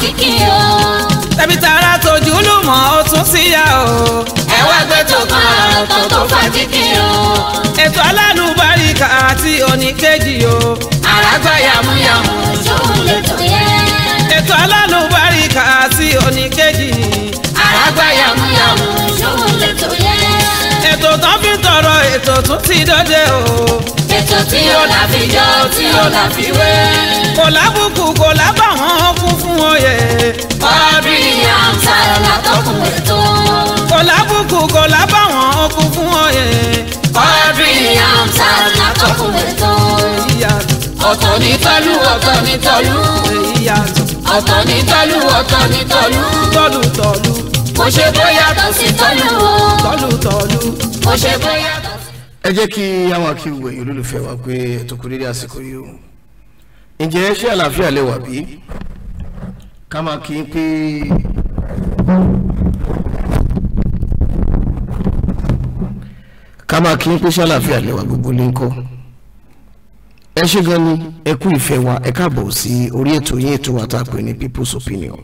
kìkì o. tẹ̀bí tara tòjú lù mọ́ ó síyá o. ẹ wá gbé tó kan àròtàn tó fà kìkì o. ètò alánú baríkà àti oníkejì o. àràgbá yàmúyàmú tó lè tó yẹ. ètò alánú baríkà àti oníkejì. àràgbá yàmúyàmú tó lè tó yẹ. ètò tán fi tọrọ ètò tún ti dọ́jẹ́ o ètò tí ó là fi yọ tí ó là fi wé. kò lábùkù kò lábàwọ́n lóye. bábí àǹtà látọkùn ètò. kọlábùkù kọlábàwọn ọkùn fún òye. bábí àǹtà látọkùn ètò. ọ̀tọ̀ ní tọ́lú ọ̀tọ̀ ní tọ́lú. ọ̀tọ̀ ní tọ́lú ọ̀tọ̀ ní tọ́lú. tọ́lú tọ́lú. kò ṣe bóyá tó sì tọ́lú o. tọ́lú tọ́lú. kò ṣe bóyá tó ẹ jẹ́ kí àwọn akíwò olólùfẹ́ wa pé ẹ̀tọ́ kò dédé àsìkò yìí o ǹjẹ́ ṣé àlàáfíà lè wà bí? Kama máa kí n pé. ká máa kí n pé ṣàlàfíà lẹ́wà gbogbo ní kọ́ ẹ ṣé gan ni ẹ kú ìfẹ́ wa ẹ káàbọ̀ sí orí ètò yín ètò wa tá a pè ní people's opinion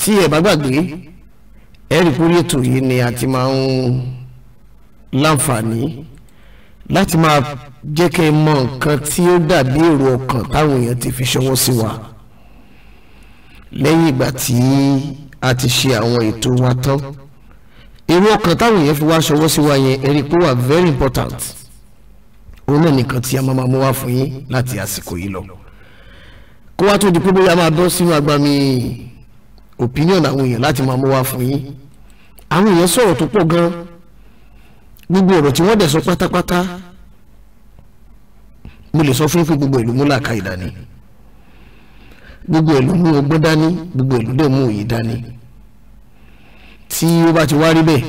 tí ẹ bá gbàgbé ẹ rí kórí ètò yìí ni a ti máa ń láǹfààní láti máa jẹ́ kẹ́ ẹ mọ nǹkan tí ó dàbí èrò ọkàn táwọn èèyàn ti fi ṣọwọ́ sí wa lẹ́yìn ìgbà tí a ti ṣe àwọn ètò wa tán irú ọkàn táwọn èèyàn fi wá ṣọwọ́ sí wa yẹn ẹ̀rí pé wà very important òun náà nìkan tí a máa mú wá fún yín láti àsìkò yìí lọ kó wá tó di pé bóyá máa bọ́ sínú agbami opinion àwọn èèyàn láti máa mú wá fún yín àwọn èèyàn sọ̀rọ̀ tó pọ̀ gan gbogbo ọ̀rọ̀ tí wọ́n dẹ̀ sọ pátápátá mo lè sọ fún yín gbogbo ìlú múlà ká ìdání gbogbo ẹ̀ ló mú ọgbọ́n dání gbogbo ẹ̀ ló dẹ̀ mú òye dání tí ó bá ti wá rí bẹ́ẹ̀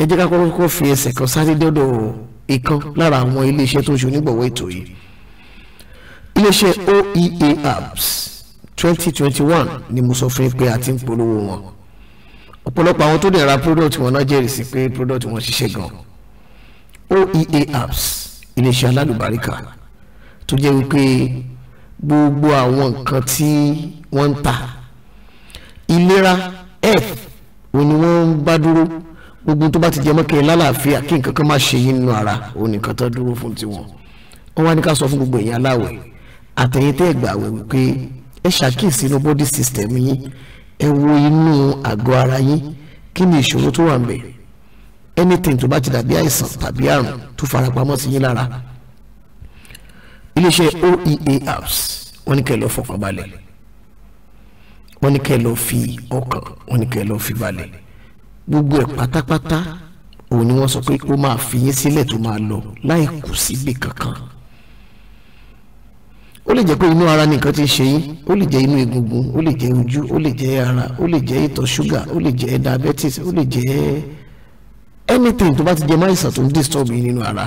ẹ jẹ́ ká kọ́kọ́ fi ẹsẹ̀ kan sáré dọ́dọ̀ ìkan lára àwọn iléeṣẹ́ tó ń ṣe onígbọ̀wọ́ ètò yìí iléeṣẹ́ oea apps twenty twenty one ni mo sọ fún yín pé a ti ń polówó wọn ọ̀pọ̀lọpọ̀ àwọn tó dẹ̀ ra product wọn náà jẹ́rìí pé product wọn ṣiṣẹ́ gan oea apps iléeṣẹ́ alálùbáríkà tó jẹ́ wípé gbogbo àwọn nǹkan tí wọ́n ń ta ìlera health òun ni wọ́n ń bá dúró gbogbo tó bá ti jẹ mọ́kẹ́ lálàáfíà kí nǹkan kan má ṣe yín nínú ara òun nìkan tó dúró fún tiwọn wọ́n wá ní ká sọ fún gbogbo èèyàn aláwẹ̀ àtẹ̀yìn tẹ́ ẹ̀gbà wẹ̀ wípé ẹ ṣàkíyèsí inú body system yín ẹ wo inú àgọ́ ara yín kí ni ìṣòro tó wà ń bẹ̀ anything tó bá ti dàbí àìsàn tàbí àrùn tó farapamọ́ sí yín lára iléeṣẹ́ oea apps wọ́n ní kẹ́ lọ fọkàn balẹ̀ wọ́n ní kẹ́ lọ fi ọkàn wọ́n ní kẹ́ lọ fi balẹ̀ gbogbo ẹ̀ pátápátá òun ni wọ́n sọ pé ó máa fi yín sílẹ̀ tó máa lọ láì kù síbi kankan ó lè jẹ́ pé inú ara nìkan ti ṣe yín ó lè jẹ́ inú egungun ó lè jẹ́ ojú ó lè jẹ́ ara ó lè jẹ́ ìtọ̀ ṣúgà ó lè jẹ́ diabetes ó lè jẹ́ anything tó bá ti jẹ́ máìsàn tó ń disturb yín nínú ara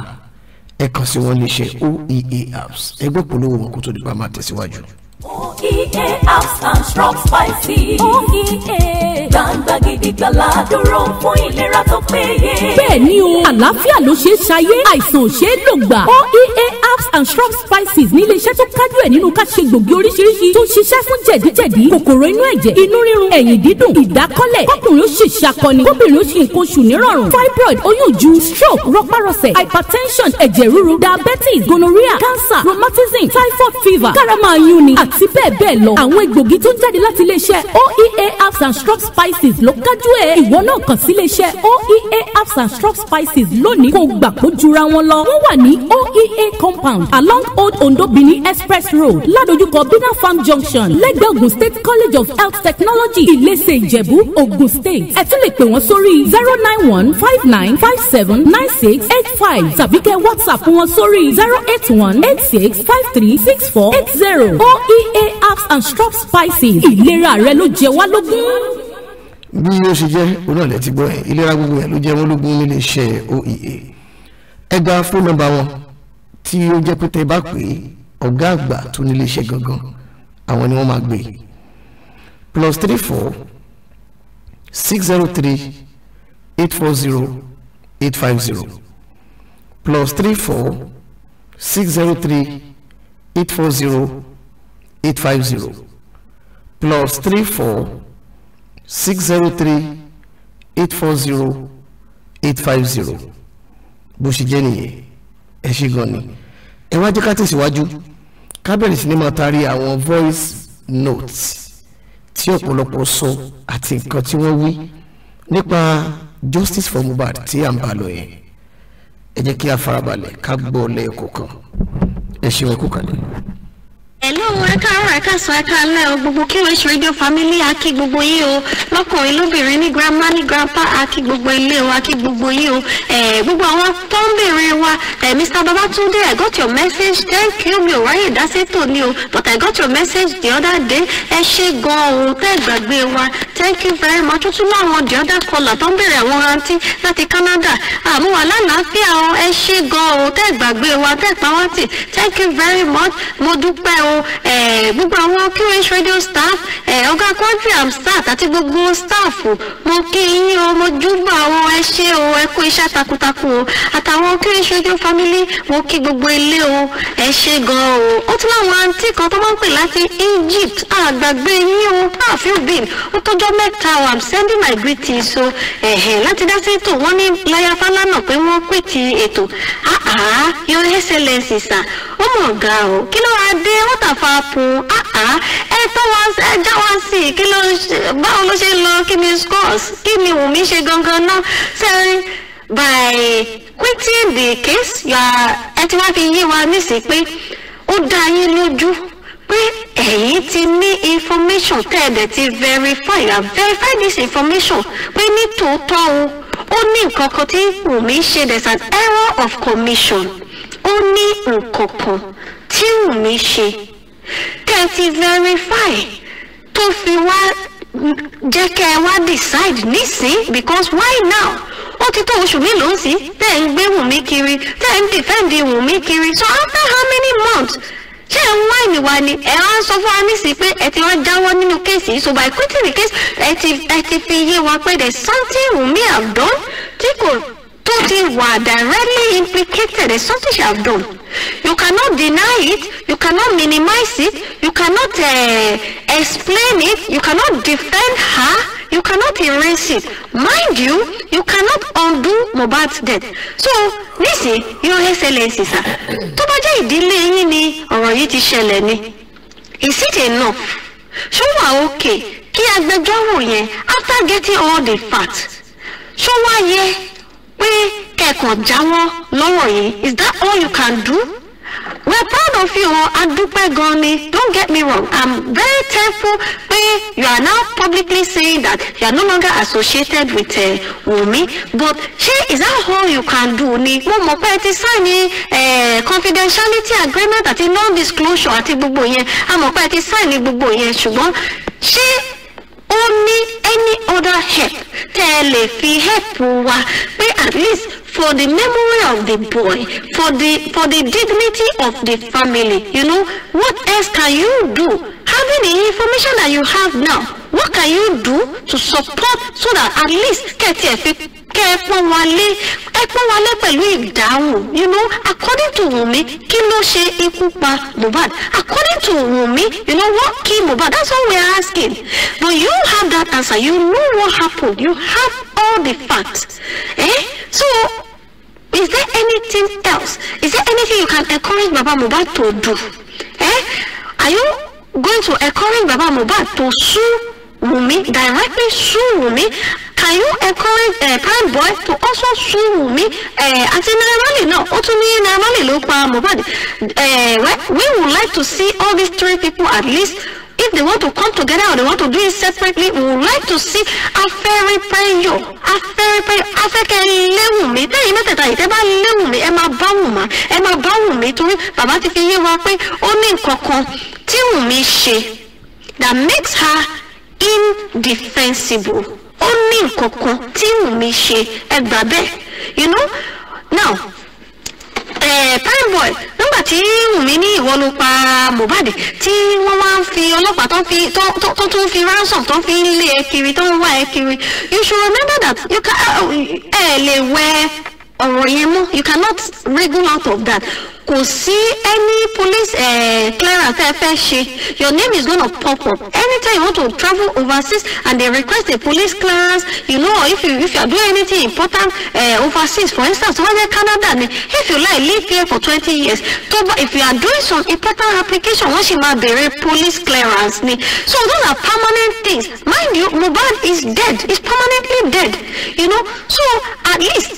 ẹ kàn sí wọn léṣe oea apps ẹgbẹ́ polówó wọn kó tó di pa máa tẹ̀síwájú. oea apps and strong spicy. oea. gbangba gidi gbala dúró fún ìlera tó péye. bẹ́ẹ̀ o àlàáfíà ló ṣe é ṣayé àìsàn ò ṣe é lògbà oea herbs and shrub spices ní iléeṣẹ́ tó kájú ẹ̀ nínú ká ṣe gbòógì oríṣiríṣi tó ṣiṣẹ́ fún jẹ̀díjẹ̀dí kòkòrò inú ẹ̀jẹ̀ inú rírun ẹ̀yìn dídùn ìdákọ́lẹ̀ kọkùnrin ó ṣe ṣàkọni kóbìnrin ó ṣe nǹkan oṣù nírọ̀rùn fibroid oyún ju stroke rọpárọsẹ̀ hypertension ẹ̀jẹ̀ ríru diabetes gonorrhea cancer rheumatism typhoid fever karama yunni àti bẹ́ẹ̀ bẹ́ẹ̀ lọ àwọn egbògi tó ń jáde láti iléeṣẹ́ oea herbs and shrub spices ló kájú ẹ̀ ìwọ náà kàn sí iléeṣẹ́ oea herbs and shrub spices lónìí kó gbà kó jura wọn lọ wọ́n wà ní oea company compound along old ondo benin express road ládojúkọ bina farm junction lẹ́gbẹ̀ẹ́ ogun state college of health technology ilese ìjẹ̀bú ogun state ẹ tún lè pè wọ́n sórí zero nine one five nine five seven nine six eight five tàbí kẹ́ whatsapp wọn sórí zero eight one eight six five three six four eight zero oea apps and strop spices ìlera rẹ ló jẹ wá lógún bí ó ṣe jẹ́ onílẹ̀ ti gbọ́ yẹn ìlera gbogbo yẹn ló jẹ́ wọ́n lógún nílé iṣẹ́ oea ẹ gba fóònù wọn tí ó jẹ́ pé tẹ́ bá pè é ọ̀gá àgbà tó nílé iṣẹ́ gangan àwọn ni wọ́n máa gbé plus three four six zero three eight four zero eight five zero plus three four six zero three eight four zero eight five zero plus three four six zero three eight four zero eight five zero bó ṣe jẹ́ nìyẹn ẹ ṣe gan ni ẹ wá jẹ́ ká tẹ̀síwájú ká bẹ̀rẹ̀ sí ni máa taari àwọn voice notes tí ọ̀pọ̀lọpọ̀ sọ àti nǹkan tí wọ́n wí nípa justice for Mohbad tí à ń bá lọ yẹn ẹ jẹ́ kí a farabalẹ̀ ká gbọ́ lẹ́ẹ̀kọ̀ọ̀kan ẹ ṣeun kú kalẹ̀ ẹ̀lú òun ẹ̀ka ara ẹ̀ka sọ ẹ̀ka alẹ́ o gbogbo QH radio family akí gbogbo yìí o lọ́kùnrin lóbìnrin ní grandma ní grandpa akí gbogbo ilé o akí gbogbo yìí o gbogbo àwọn tó ń bèèrè wa Mr Babatunde I got your message thank you mi ò ráyè dáṣẹ́tò ni o but I got your message the other day ẹ ṣe gan-an o tẹ́ gbàgbé wa thank you very much ó tún láwọn the other caller tó ń bèèrè àwọn rántí láti Canada àmúwà lálàáfíà o ẹ ṣe gan-an o tẹ́ gbàgbé wa tẹ́ pàwọ́tì thank you very much mo dúpẹ́ o gbogbo àwọn QH radio staff ọ̀gá quadri amsat àti gbogbo staff mo kí yín o mo júbà o ẹ o ẹ iṣẹ́ takuntakun o àtàwọn QH radio family mo kí gbogbo ilé o ẹ gan o ó tún láwọn àǹtí kan tó máa ń pè láti Egypt àgbàgbé yín o àfi bin ó tọ́jọ́ mẹ́ta o i'm sending my greetings So, láti dá sí ètò wọn ní láyà fálánà pé wọ́n pè ti ètò ah ah your excellency sir ó mọ̀ ga o kí ló wá dé ó látàfàfù ah, ah. ẹ tó wá ẹ já wá sí i kí ló báwo ló ṣe lọ kí ni scores kí ni Wùmí ṣe gangan náà sẹ́yìn by quitting the case yà ẹ ti wá fi yé wa nísìsiyìí pé ó dá yín lójú pé ẹ̀yin ti ní information tẹ́ ẹ̀ dẹ̀ ti verify you have verified this information pé ní tòótọ́ o ó ní nǹkan kan tí Wùmí ṣe there's an error of commission ó ní nǹkan kan tí Wùmí ṣe tẹ́ ti verify tó fi wá jẹ́ kẹ́ ẹ wá decide nísìn because why now ó ti tó oṣù mélòó sí tẹ́ ẹ ń gbé Wùmí kiri tẹ́ ẹ ń defend Wùmí kiri so after how many months ṣé ẹ ń wá ìwà ni ẹ á sọ fún wa nísìnyí pé ẹ ti wá jáwọ́ nínú kéèsì yìí so by quitting the case ẹ ti ẹ ti fi yé wa pé there's something Wùmí have done tí kò tó ti wà directly implicated in something she has done you cannot deny it you cannot minimize it you cannot uh, explain it you cannot defend her you cannot erase it mind you you cannot undo Mohbad's death so nisi your excellency sir tó bá jẹ́ ìdílé ni ọ̀rọ̀ yiti ti ṣẹlẹ̀ ni is it enough ṣó wà okay kí agbẹjọ́rò yẹn after getting all the facts Show wa yẹ pé kẹ̀kọ̀ jáwọ́ lọ́wọ́ yìí is that all you can do? we are proud of you o adúpẹ́ gan ni don't get me wrong i'm very thankful pé you are now publicly saying that you are no longer associated with uh, Wunmi but ṣé is that all you can do ni mo mọ̀ pé ti sign eh, confidentiality agreement àti non-disclosure àti gbogbo yẹn a mọ̀ pé ti sign gbogbo yẹn ṣùgbọ́n She ó ní any other help tẹ́ ẹ lè fi help wa pé at least for the memory of the boy for the for the dignity of the family you know what else can you do having the information that you have now what can you do to support so that at least kẹ́tì ẹ̀ fi kẹ́ ẹ pọ́n wọn lé ẹ pọ́n wọn lé pẹ̀lú ìdáhùn you know according to Wunmi kí ló ṣe ikú pa Mohbad according to Wunmi you know what kill Mohbad that's all we are asking but you have that answer you know what happened you have all the facts eh so is there anything else is there anything you can encourage Baba Mohbad to do eh are you going to encourage Baba Mohbad to sue Wunmi directly sue Wunmi can you encourage uh, eh, prime boys to also sue Wunmi uh, àti Naira Marley náà ó tún ní Naira Marley ló pa Mohbad well, eh, we would like to see all these three people at least if they want to come together or they want to do it separately we would like to see afẹ́rí pẹ́yọ̀ afẹ́rí pẹ́yọ̀ afẹ́kẹ́ léwùmí lẹ́yìn mẹ́tẹ̀ẹ̀ta yìí tẹ́ bá léwùmí ẹ máa bá Wùnmí ẹ máa bá Wùnmí torí bàbá ti fi yé wa pé ó ní nǹkan kan tí Wùnmí ṣe that makes her indefensible ó ní nǹkan kan tí Wùnmí ṣe ẹ bẹ́ẹ̀ you know now PrimeBoy nígbà tí mi ní ìwọ ló pa Mohbad tí wọ́n wá ń fi ọlọ́pàá tó tún fi ransom tó fi ń lé ẹ kiri tó ń wá ẹ kiri you should remember that you can ẹ lè wẹ ọ̀rọ̀ yẹn mọ́ you cannot wriggle out of that kò sí any police uh, eh, clearance tẹ́ ẹ fẹ́ ṣe your name is gonna pop up anytime you want to travel overseas and they request a police clearance you know if you if you are doing anything important uh, overseas for instance wọ́n jẹ́ Canada ni if you like live here for twenty years tó bá if you are doing some important application wọ́n sì máa béèrè police clearance ni so those are permanent things mind you Mohbad is dead is permanently dead you know so at least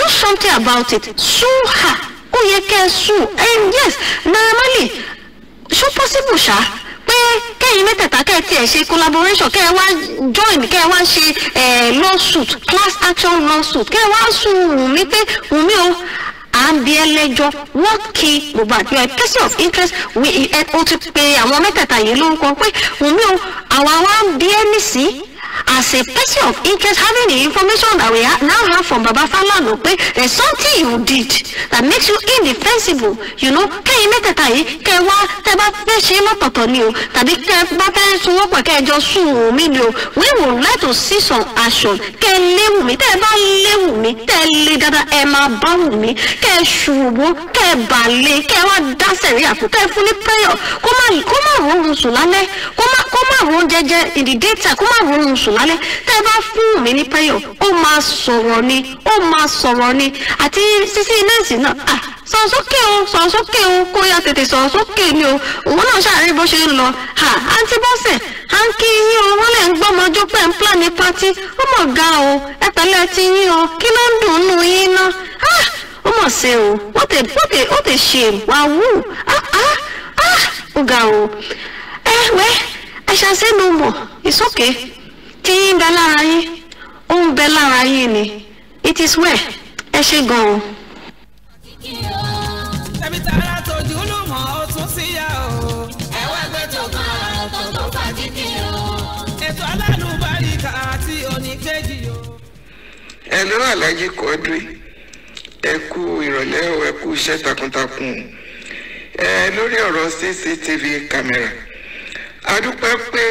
do something about it sue her ó yẹ kẹ́ ẹ sùn and yes Naira Marley ṣó possible ṣá pé kẹ́yìn mẹ́tẹ̀ẹ̀ta kẹ́ ẹ tiẹ̀ ṣe collaboration kẹ́ ẹ wá join kẹ́ ẹ wá ṣe eh, lawsuit class action lawsuit kẹ́ ẹ wá sùn Wùmí pé Wùmí o àbíẹ́lẹ́jọ́ wọ́n kí gbogbo àdúrà person of interest ó ti pe àwọn mẹ́tẹ̀ẹ̀ta yìí lórúkọ pé Wùmí o àwa wá ń bí ẹ́ nísìí as a person of interest having the information that we ha now have from Baba Falana pé there's something you did that makes you indefensible you know kẹ́yìn mẹ́tẹ̀ẹ̀ta yìí kẹ́ ẹ wá tẹ́ ẹ bá fẹ́ ṣe é lọ́tọ̀ọ̀tọ̀ ni o tàbí kẹ́ ẹ bá fẹ́ sunwọ́pọ̀ kẹ́ ẹ jọ sùn wù mí ni o we would like to see some action kẹ́ ẹ léwu mi tẹ́ ẹ bá léwu mi tẹ́ ẹ lé dáadáa ẹ máa bá wù mí kẹ́ ẹ ṣùgbọ́n kẹ́ ẹ bà lé kẹ́ ẹ wá dá sẹ̀rí àfún kẹ́ fún ní prayer kó má kó má rọrùn kó má kó jẹjẹ in the daytime kó má rọrùn sùn wálé tẹ́ ẹ bá fún mi ní pẹ́yọ̀ ó máa sọ̀rọ̀ ni ó máa sọ̀rọ̀ ni àti sísí nẹ́ẹ̀sì náà à sọ̀rọ̀ sókè o sọ̀rọ̀ sókè o kó yá tètè sọ̀rọ̀ sókè ni o òun náà ṣàárẹ̀ bó ṣe ń lọ à àǹtí bọ́sẹ̀ à ń kí yín o wọ́n lè ń gbọ́mọjó pé ń pílànì pátí ó mọ̀ ga o ẹ pẹ̀lẹ́ ti yín o kí ló ń dùn nù yín ná ó mọ̀ ṣe o what a what a what a shame wàhù ah ah ó ga o ẹ wẹ́ I shall say no more it's okay eyín ń bẹ lára yín ó ń bẹ lára yín ni it is well ẹ ṣe gan-an. tẹ̀mí tara tòjú ló mọ̀ ọ́ tún síyá o. ẹ̀wá gbé tó kan àtọ̀ tó fà kíkì o. ètò aláàánú báríkà àti oníkejì o. ẹ ló Alhaji Quadri ẹ kú ìrọ̀lẹ́ o ẹ kú iṣẹ́ takuntakun ẹ lórí ọ̀rọ̀ CCTV camera a dúpẹ́ pé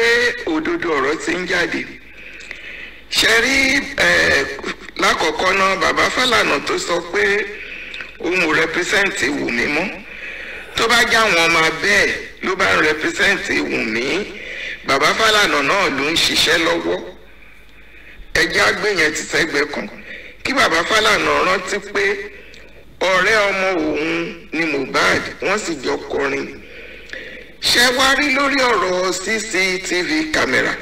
òdodo ọ̀rọ̀ ti ń jáde ṣe rí lákọ̀ọ́kọ́ náà bàbá Fálànà tó sọ pé òun ò rẹpẹsẹ́ǹtì Wùmí mọ́ tó bá já àwọn ọmọ abẹ́ẹ̀ ló bá ń rẹpẹsẹ́ǹtì Wùmí bàbá Fálànà náà ló ń ṣiṣẹ́ lọ́wọ́ ẹjẹ́ àgbẹ̀yẹn ti sẹ́gbẹ́ kan kí bàbá Fálànà rántí pé ọ̀rẹ́ ọmọ òun ni Mohbad wọ́n sì jọ kọrin ṣẹ́wárí lórí ọ̀rọ̀ CCTV camera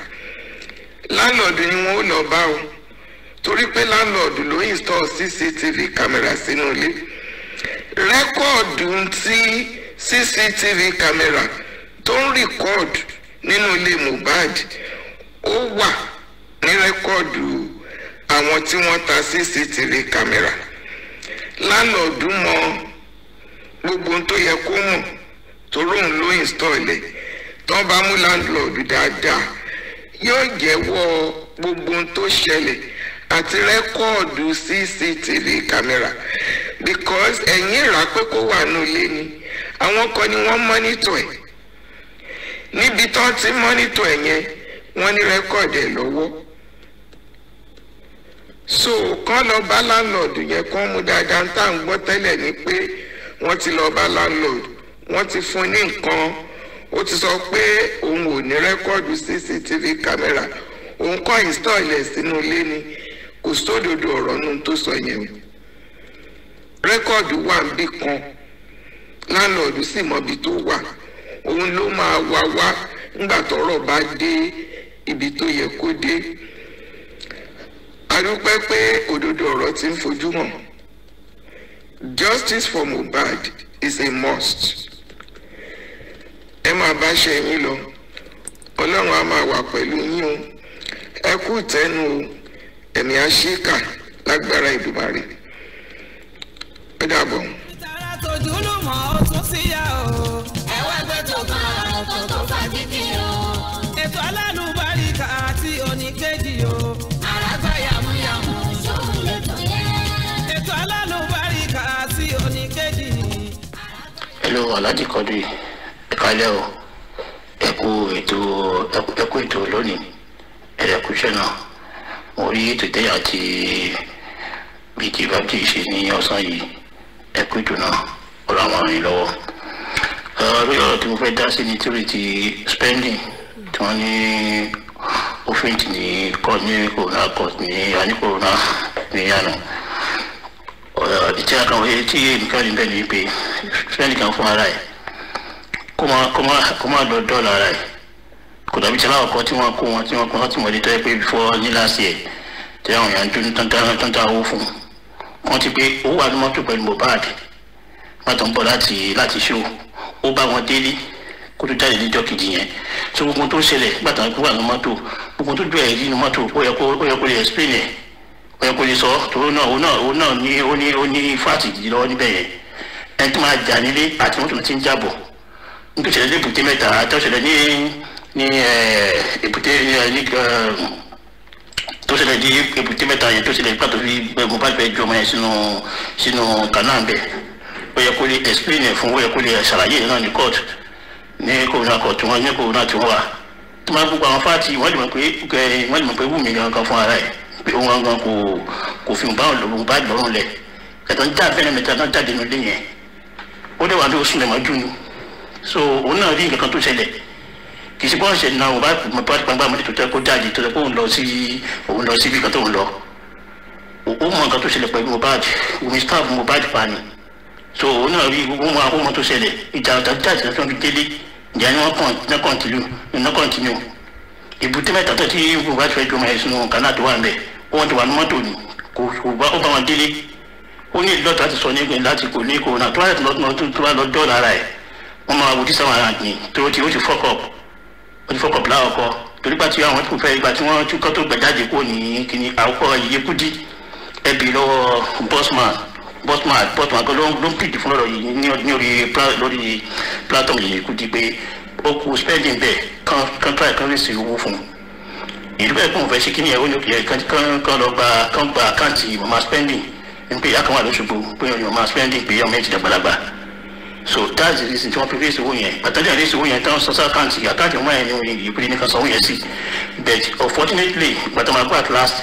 láńlọ́ọ̀dù ni wọ́n ó lọ bá o torí pé láńlọ́ọ̀dù ló install cctv camera sínú ilé rẹ́kọ̀ọ̀dù tí cctv camera tó ń rìkọ́ọ̀dù nínú ilé Mohbad ó wà ní rẹ́kọ̀ọ̀dù àwọn tí wọ́n ta cctv camera láńlọ́ọ̀dù mọ gbogbo ohun tó yẹ kó mọ̀ torí òun ló install ẹ̀ tán bá mú láńlọ́ọ̀dù dáadáa yóò jẹ́wọ́ gbogbo ohun tó ṣẹlẹ̀ àti rẹ́kọ̀dù cctv camera because ẹ̀yìn ìràpẹ́ kó wà nù ilé ni àwọn kan ni wọ́n mọ́nítọ̀ ẹ̀ níbi tó ti mọ́nítọ̀ ẹ̀ yẹn wọ́n ní rẹ́kọ̀dù ẹ̀ lọ́wọ́ so kán lọ bá láńlọ́ọ̀dù yẹn kán mú dáadáa tá à ń gbọ́ tẹ́lẹ̀ ni pé wọ́n ti lọ bá láńlọ́ọ̀dù wọ́n ti fún ní nǹkan ó ti sọ pé òun ò ní rẹ́kọ́ọ̀dù cctv kámẹ́rà òun kọ́ install ẹ̀ sínú ilé ni kò sódodo ọ̀rọ̀ nù tó sọ yẹn o rẹ́kọ́ọ̀dù wà níbì kan láńlọ́ọ̀dù sì mọ̀bi tó wà òun ló máa wá wá ńgbà tọ́rọ̀ bá dé ibi tó yẹ kó dé a dúpẹ́ pé òdodo ọ̀rọ̀ ti ń fojú hàn justice for Mohbad is a must. ẹ máa bá ṣe yín lọ ọlọ́run á máa wà pẹ̀lú yín o ẹ kú ìtẹ́nu o ẹ̀mí á ṣí kà lágbára ìdùmarè ó dàbọ̀. ìtara tòjú ló mọ̀ ọ́ tún síyá o. ẹ wá tó kan ọ̀rọ̀ tó tó kíkì o. ètò alálùbáríkà àti oníkejì o. hello Alhaji Quadri kalẹ̀ o ẹ kú ètò ẹ kú ètò lónìí ẹ̀rẹ̀kúṣẹ́ náà mo rí ètò ìtẹ́yà ti bíi ti bàbí ṣe ní ọ̀sán yìí ẹ kú ètò náà ọ̀rọ̀ àwọn àrùn lọ́wọ́ lórí ọ̀rọ̀ tí mo fẹ́ dá sí ni torí ti spending tí wọ́n ní òfin ní court ní corona court ní àní corona ní àná ìtẹ́yà kan wọ́n yé tí èmi káàdì bẹ́ẹ̀ ni pé spending kan fún ara ẹ̀ kó máa kó máa kó máa lọ dọ́ọ̀lù ara ẹ̀ kò dàbí tí aláwọ̀ kan tí wọ́n kó wọn tí wọ́n kó wọn tí wọ́n lè tọ́ ẹ pé before ní last year tí àwọn èèyàn dún tán tán tán owó fún wọn ti pé owó wà ní mọ́tò pẹ̀lú Mohbad bàtàn bọ̀ láti láti ṣó ó bá wọn délé kó tó jáde níjọ́ kejì yẹn so gbogbo tó ṣẹlẹ̀ bàtàn kó wà ní mọ́tò gbogbo tó dùn ẹ̀ rí ní mọ́tò ó yẹ kó lè explain ẹ̀ ó yẹ kó lè sọ tòun náà òun náà òun náà ó ní ó ní fáàtì jìlọ níbẹ̀ yẹn ẹni tó máa jà nílé àti mọ́tò ti ń jábọ̀ nítorí ìṣẹ̀lẹ̀ ní èbúté mẹ́ta tó ṣẹlẹ̀ ní ní èbúté ní tó ṣẹlẹ̀ ní èbúté mẹ́ta yẹn tó ṣẹlẹ̀ pàtó fi gbẹ̀gùn bá gbẹ̀ jọmọ yẹn sínú sínú kanáà bẹ́ẹ̀ ó yẹ kó lè explain ẹ̀ fún ó yẹ kó lè ṣàlàyé náà ní court ní kòrónà court wọn ní kòrónà tí wọ́n wà tó máa gbogbo àwọn fáàtì wọ́n lè mọ̀ pé wọ́n lè mọ̀ pé Wùmí gangan fún ara ẹ̀ pé òun gangan kò kò fi báwọn lòun bá lọ́rùn lẹ̀ kẹtàn já fẹ́rẹ̀ mẹ́ta náà jáde nílé yẹn ó dẹ̀ wà ní oṣù mẹ́mọ́jú ni so òun náà rí nǹkan kan tó ṣẹlẹ̀ kì í ṣe bọ́ọ̀ṣẹ̀ náà ò bá pàgbà mọ́tò tó tẹ́ kó jáde tó tẹ́ kó ń lọ sí òun lọ sí ibi kan tó ń lọ ó mọ nǹkan tó ṣẹlẹ̀ pẹ̀lú Mohbad omi staff Mohbad pa ni so òun náà rí gbogbo wọn àwọn ọmọ tó ṣẹlẹ̀ ìjà ọ̀tá jà sí ọ̀tún fi délé ìjà ni wọ́n kọ̀ǹtínú iná kọ̀ǹtínú ìbúté mẹ́ta tó ti Mohbad fẹ́ jọmọ ẹ̀sùn kan náà tó wà ń bẹ̀ wọ́n ti wà ní mọ́tò ni kò bá wọn délé ó ní ìlú ọ̀tá ti sọ ní láti kò ní kò náà tó wà lọ́dọ̀ lára ẹ̀ wọ́n máa wojú sáwọn ará àgbìn tó ti ó ti fọ́kọ̀ ó ti fọ́kọ̀ pìlà ọkọ̀ torí pàtí àwọn tó fẹ́ ìgbà tí wọ́n tún kọ́ tó gbẹ̀jáde kó ní kíní àwòkọ́ Yékúdí ẹbí lọ́wọ́ bọ́sùmá bọ́sùmá bọ́sùmá kan ló ń pìdì fún ọ̀rọ̀ yìí ní orí lórí platform Yékúdí pé ó kú spending bẹ́ẹ̀ kan kan try kan rí sí owó fún un ìlú bẹ́ẹ̀ kún fẹ́ ṣe kí ni ẹ̀wọ́n ní òkè kan kan lọ gba kan gba àkáǹtì mama spending ń pè àkànwá lóṣogbo pé mama spending pé ọmọ ẹ̀ ti dàgbàlagbà so that's the reason tí wọ́n fi fèsì owó yẹn pàtàkì àdéhùn owó yẹn tán sọ́sọ́ àkáǹtì àkáǹtì wọn yẹn ni ìpele nìkan sanwó yẹn sí but unfortunately pàtàkì at last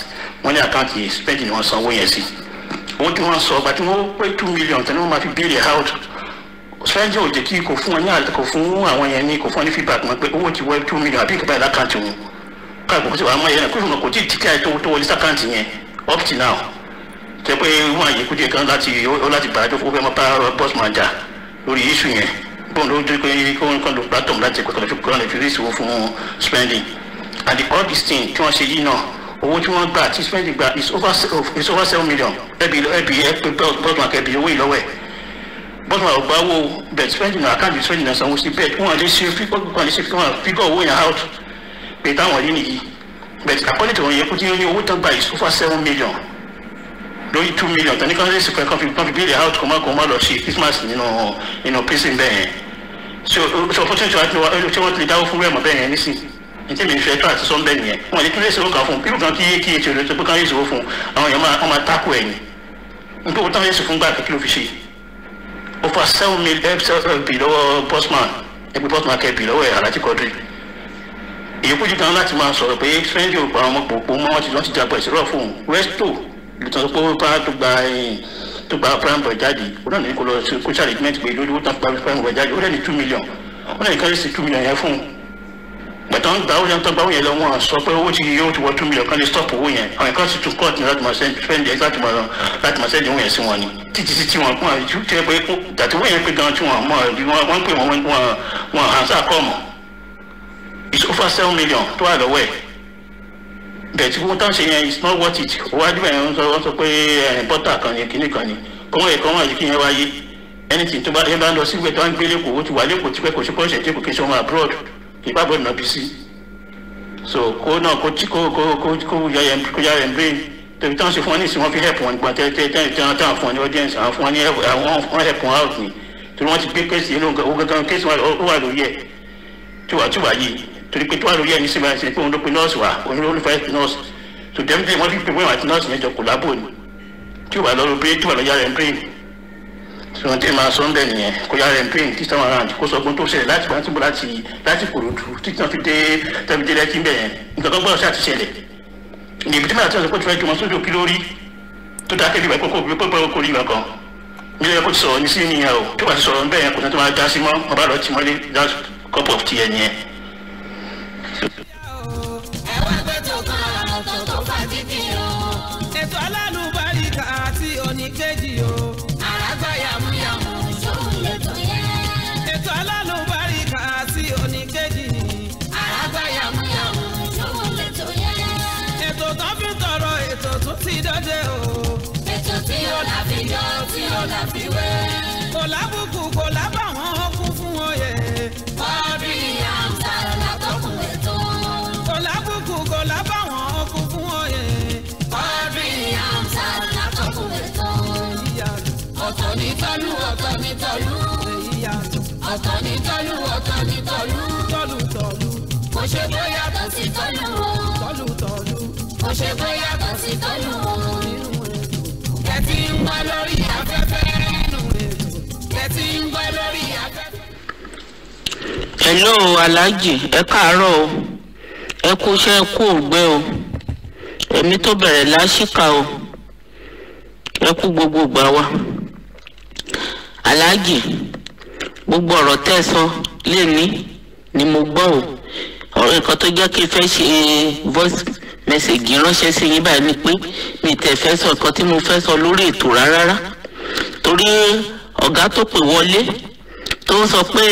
wọ́n ní àkáǹtì spending ni wọ́n sanwó yẹn sí owó tí wọ́n sọ ọgbà tí wọ́n pé two million tí wọ́n máa fi bail out sẹ́ńjì ò jẹ́ kí kò fún wọn ní àlẹ́ kò fún àwọn yẹn ní kò fún wọn ní feedback wọn pé owó ti wọ two million àbí ìkàbáyé lákàǹtì wọn káàkó kó sì wàá mọ ẹ̀yẹ kó fún wọn kò tí ì tíkẹ́ àìtó tó wọlé sákàǹtì yẹn up till now tẹ́ pé wọ́n àyè kúdìẹ̀ kan láti ó láti gbàdájọ́ fún fẹ́ mọ́ bá bọ́ọ̀sì máa jà lórí iṣu yẹn bóun ló dé pé kó kàn ló platform láti kọ̀tọ̀ lọ́fi kọ́ra lẹ́fi ríṣì owó fún spending and the all this thing tí wọ́n ṣe yìí náà owó tí wọ́n gbà tí spending gbà is over is over seven million ẹbí ẹbí ẹbí bọ́ọ̀dù àkẹ́bí owó ìlọ́wẹ̀ bọ́ọ̀dù àgbà owó bẹ̀ spending náà àkáǹtì spending náà sanwó sí bẹ́ẹ̀ wọ́n lè ṣe fígọ̀ owó yẹn out pé táwọn rí nìyí but according to wọn yẹ kó tí ó ní owó tán gbà is over seven million lórí two million tó ní kí wọ́n sì pẹ́ kọ́ fi kọ́ fi bílẹ̀ out kó má kó má lọ sí Christmas nínú nínú prison bẹ́ẹ̀ yẹn so so opportunity wa tí wọ́n ti lè dáwọ́ fún rẹ̀ mọ́ bẹ́ẹ̀ yẹn nísìn ntí mi fẹ́ tó àti sọ́n bẹ́ẹ̀ nìyẹn wọ́n lè tún lè ṣòro kan fún irú kan kí kí ètò ìlú tó pé káwọn yóò ṣòro fún àwọn èèyàn máa máa tako ẹ̀yìn nítorí táwọn yóò ṣòro fún gbà kékeré fi ṣe over seven million eh, eh, bì lọ́wọ́ bosman ẹgbẹ́ bosman kẹ́ bì lọ́wọ́ alájí kọ́dírì èyí kújú kan láti máa sọ̀rọ̀ pé sẹ́ńdì òpó àwọn ọmọ pòpó mọ́ wọn ti lọ́ọ́ ti jagbọ̀ ìṣòro fún rẹ́stò nítorí pé tó gba tó gba prime jáde ó náà ní kó lọ sí kó sáré pé lórí ó tán gba prime boy jáde ó lẹ́ni two million ó lẹ́ni kẹ́rì sí two million yẹn fún un gbàtàn gba owó yẹn tán gba owó yẹn lọ wọn sọ pé owó ti yóò ti wọ two million kan lè stop owó yẹn àwọn ìkan tún court ní láti máa send spend yẹn láti máa láti máa send owó yẹn sí wọn ni títí títí wọn kún àti tí wọn pé tàtí owó yẹn pé gan tí mọ wọn wọn pé wọn wọn wọn hansa kọ́ it's over seven million tó wà lọ́wọ́ ẹ̀ bẹ̀tí wọ́n tán ṣe yẹn it's not worth it wájú ẹ̀ ń sọ wọ́n sọ pé eh, bọ́tà kan ni kínní kan ni kọ́mọ ẹ̀kọ́ wọn àti kíyẹn wáyé anything tó bá yẹn bá ń lọ sí ìwé tó ń gbé lẹ́kọ̀ọ́ ó ti wà lẹ́kọ̀ọ́ tipẹ́ kò ṣe pọ́ṣẹ̀ tí kò kí n ṣe ọmọ abroad kì í bá bọ́ọ̀dù náà bí sí so kó náà kó kó kó kó kó yá yẹn kó yá yẹn brain tẹ̀bí tán ṣe fún wọn ní ìsìn wọn fi help wọn gbà tẹ́ tẹ́ torí pé tó wà lórí ẹni sì máa ń ṣe pé òun ló pe nọ́ọ̀sì wa òun ló fẹ́ pe nọ́ọ̀sì tó dẹ́m dé wọ́n fi pè wọ́n àti nọ́ọ̀sì yẹn jọ kòlábò ni tí ò bá lọ́ọ́ pé tí ò bá lọ́ọ́ yára ẹ̀ ń pè tí wọ́n ti máa sọ ń bẹ̀ nìyẹn kó yára ẹ̀ ń pè tí sọ́wọ́n ara kó sọ gbọ́n tó ṣẹlẹ̀ láti wọ́n ti bọ́ láti láti kòròdú títí wọ́n fi dé tẹ́bi dé lẹ́kí bẹ̀ yẹn nǹkan kan gbọ́dọ̀ ṣáà ti ṣẹlẹ̀ ìbí tí màá ti sọ pé tí wọ́n ju wọn sójú kí lórí tó dákẹ́ bí wọ́n kókó bí wọ́n kókó rí wọn kan nílẹ̀ kó ti sọ̀rọ̀ ní sí nìyẹn o tí wọ́n sọ̀rọ̀ ń bẹ̀ kò tó máa dá sí mọ́ ọba lọ́ọ́ ti mọ́lé that cup of tea yẹn alálùbáríkà àti oníkejì o. àràgbá yàmúyàmú sóhun lè tó yẹ. ètò alálùbáríkà àti oníkejì ni. àràgbá yàmúyàmú sóhun lè tó yẹ. ètò tán fi tọrọ ètò tún ti dọ́jẹ́ o. ètò tí o là yọ tí o là fi kò lábùkù. ọ̀tọ̀ ní tọ́lú ọ̀tọ̀ tọ́lú. tọ́lú tọ́lú. o. tọ́lú tọ́lú. o. ń gbọ́ lórí afẹ́fẹ́. ń gbọ́ lórí afẹ́fẹ́. hello ẹ káàárọ̀ o ẹ kú iṣẹ́ kú ògbẹ́ o èmi tó gbogbo gbà gbogbo ọ̀rọ̀ tẹ́ ẹ sọ lẹ́ni ni mo gbọ́ o ọ̀rọ̀ nǹkan tó jẹ́ kí n fẹ́ ṣe voice message ránṣẹ́ sí yín báyìí ni pé mi tẹ̀ fẹ́ sọ nǹkan tí mo fẹ́ sọ lórí ètò rárá torí ọ̀gá tó pè wọlé tó sọ pé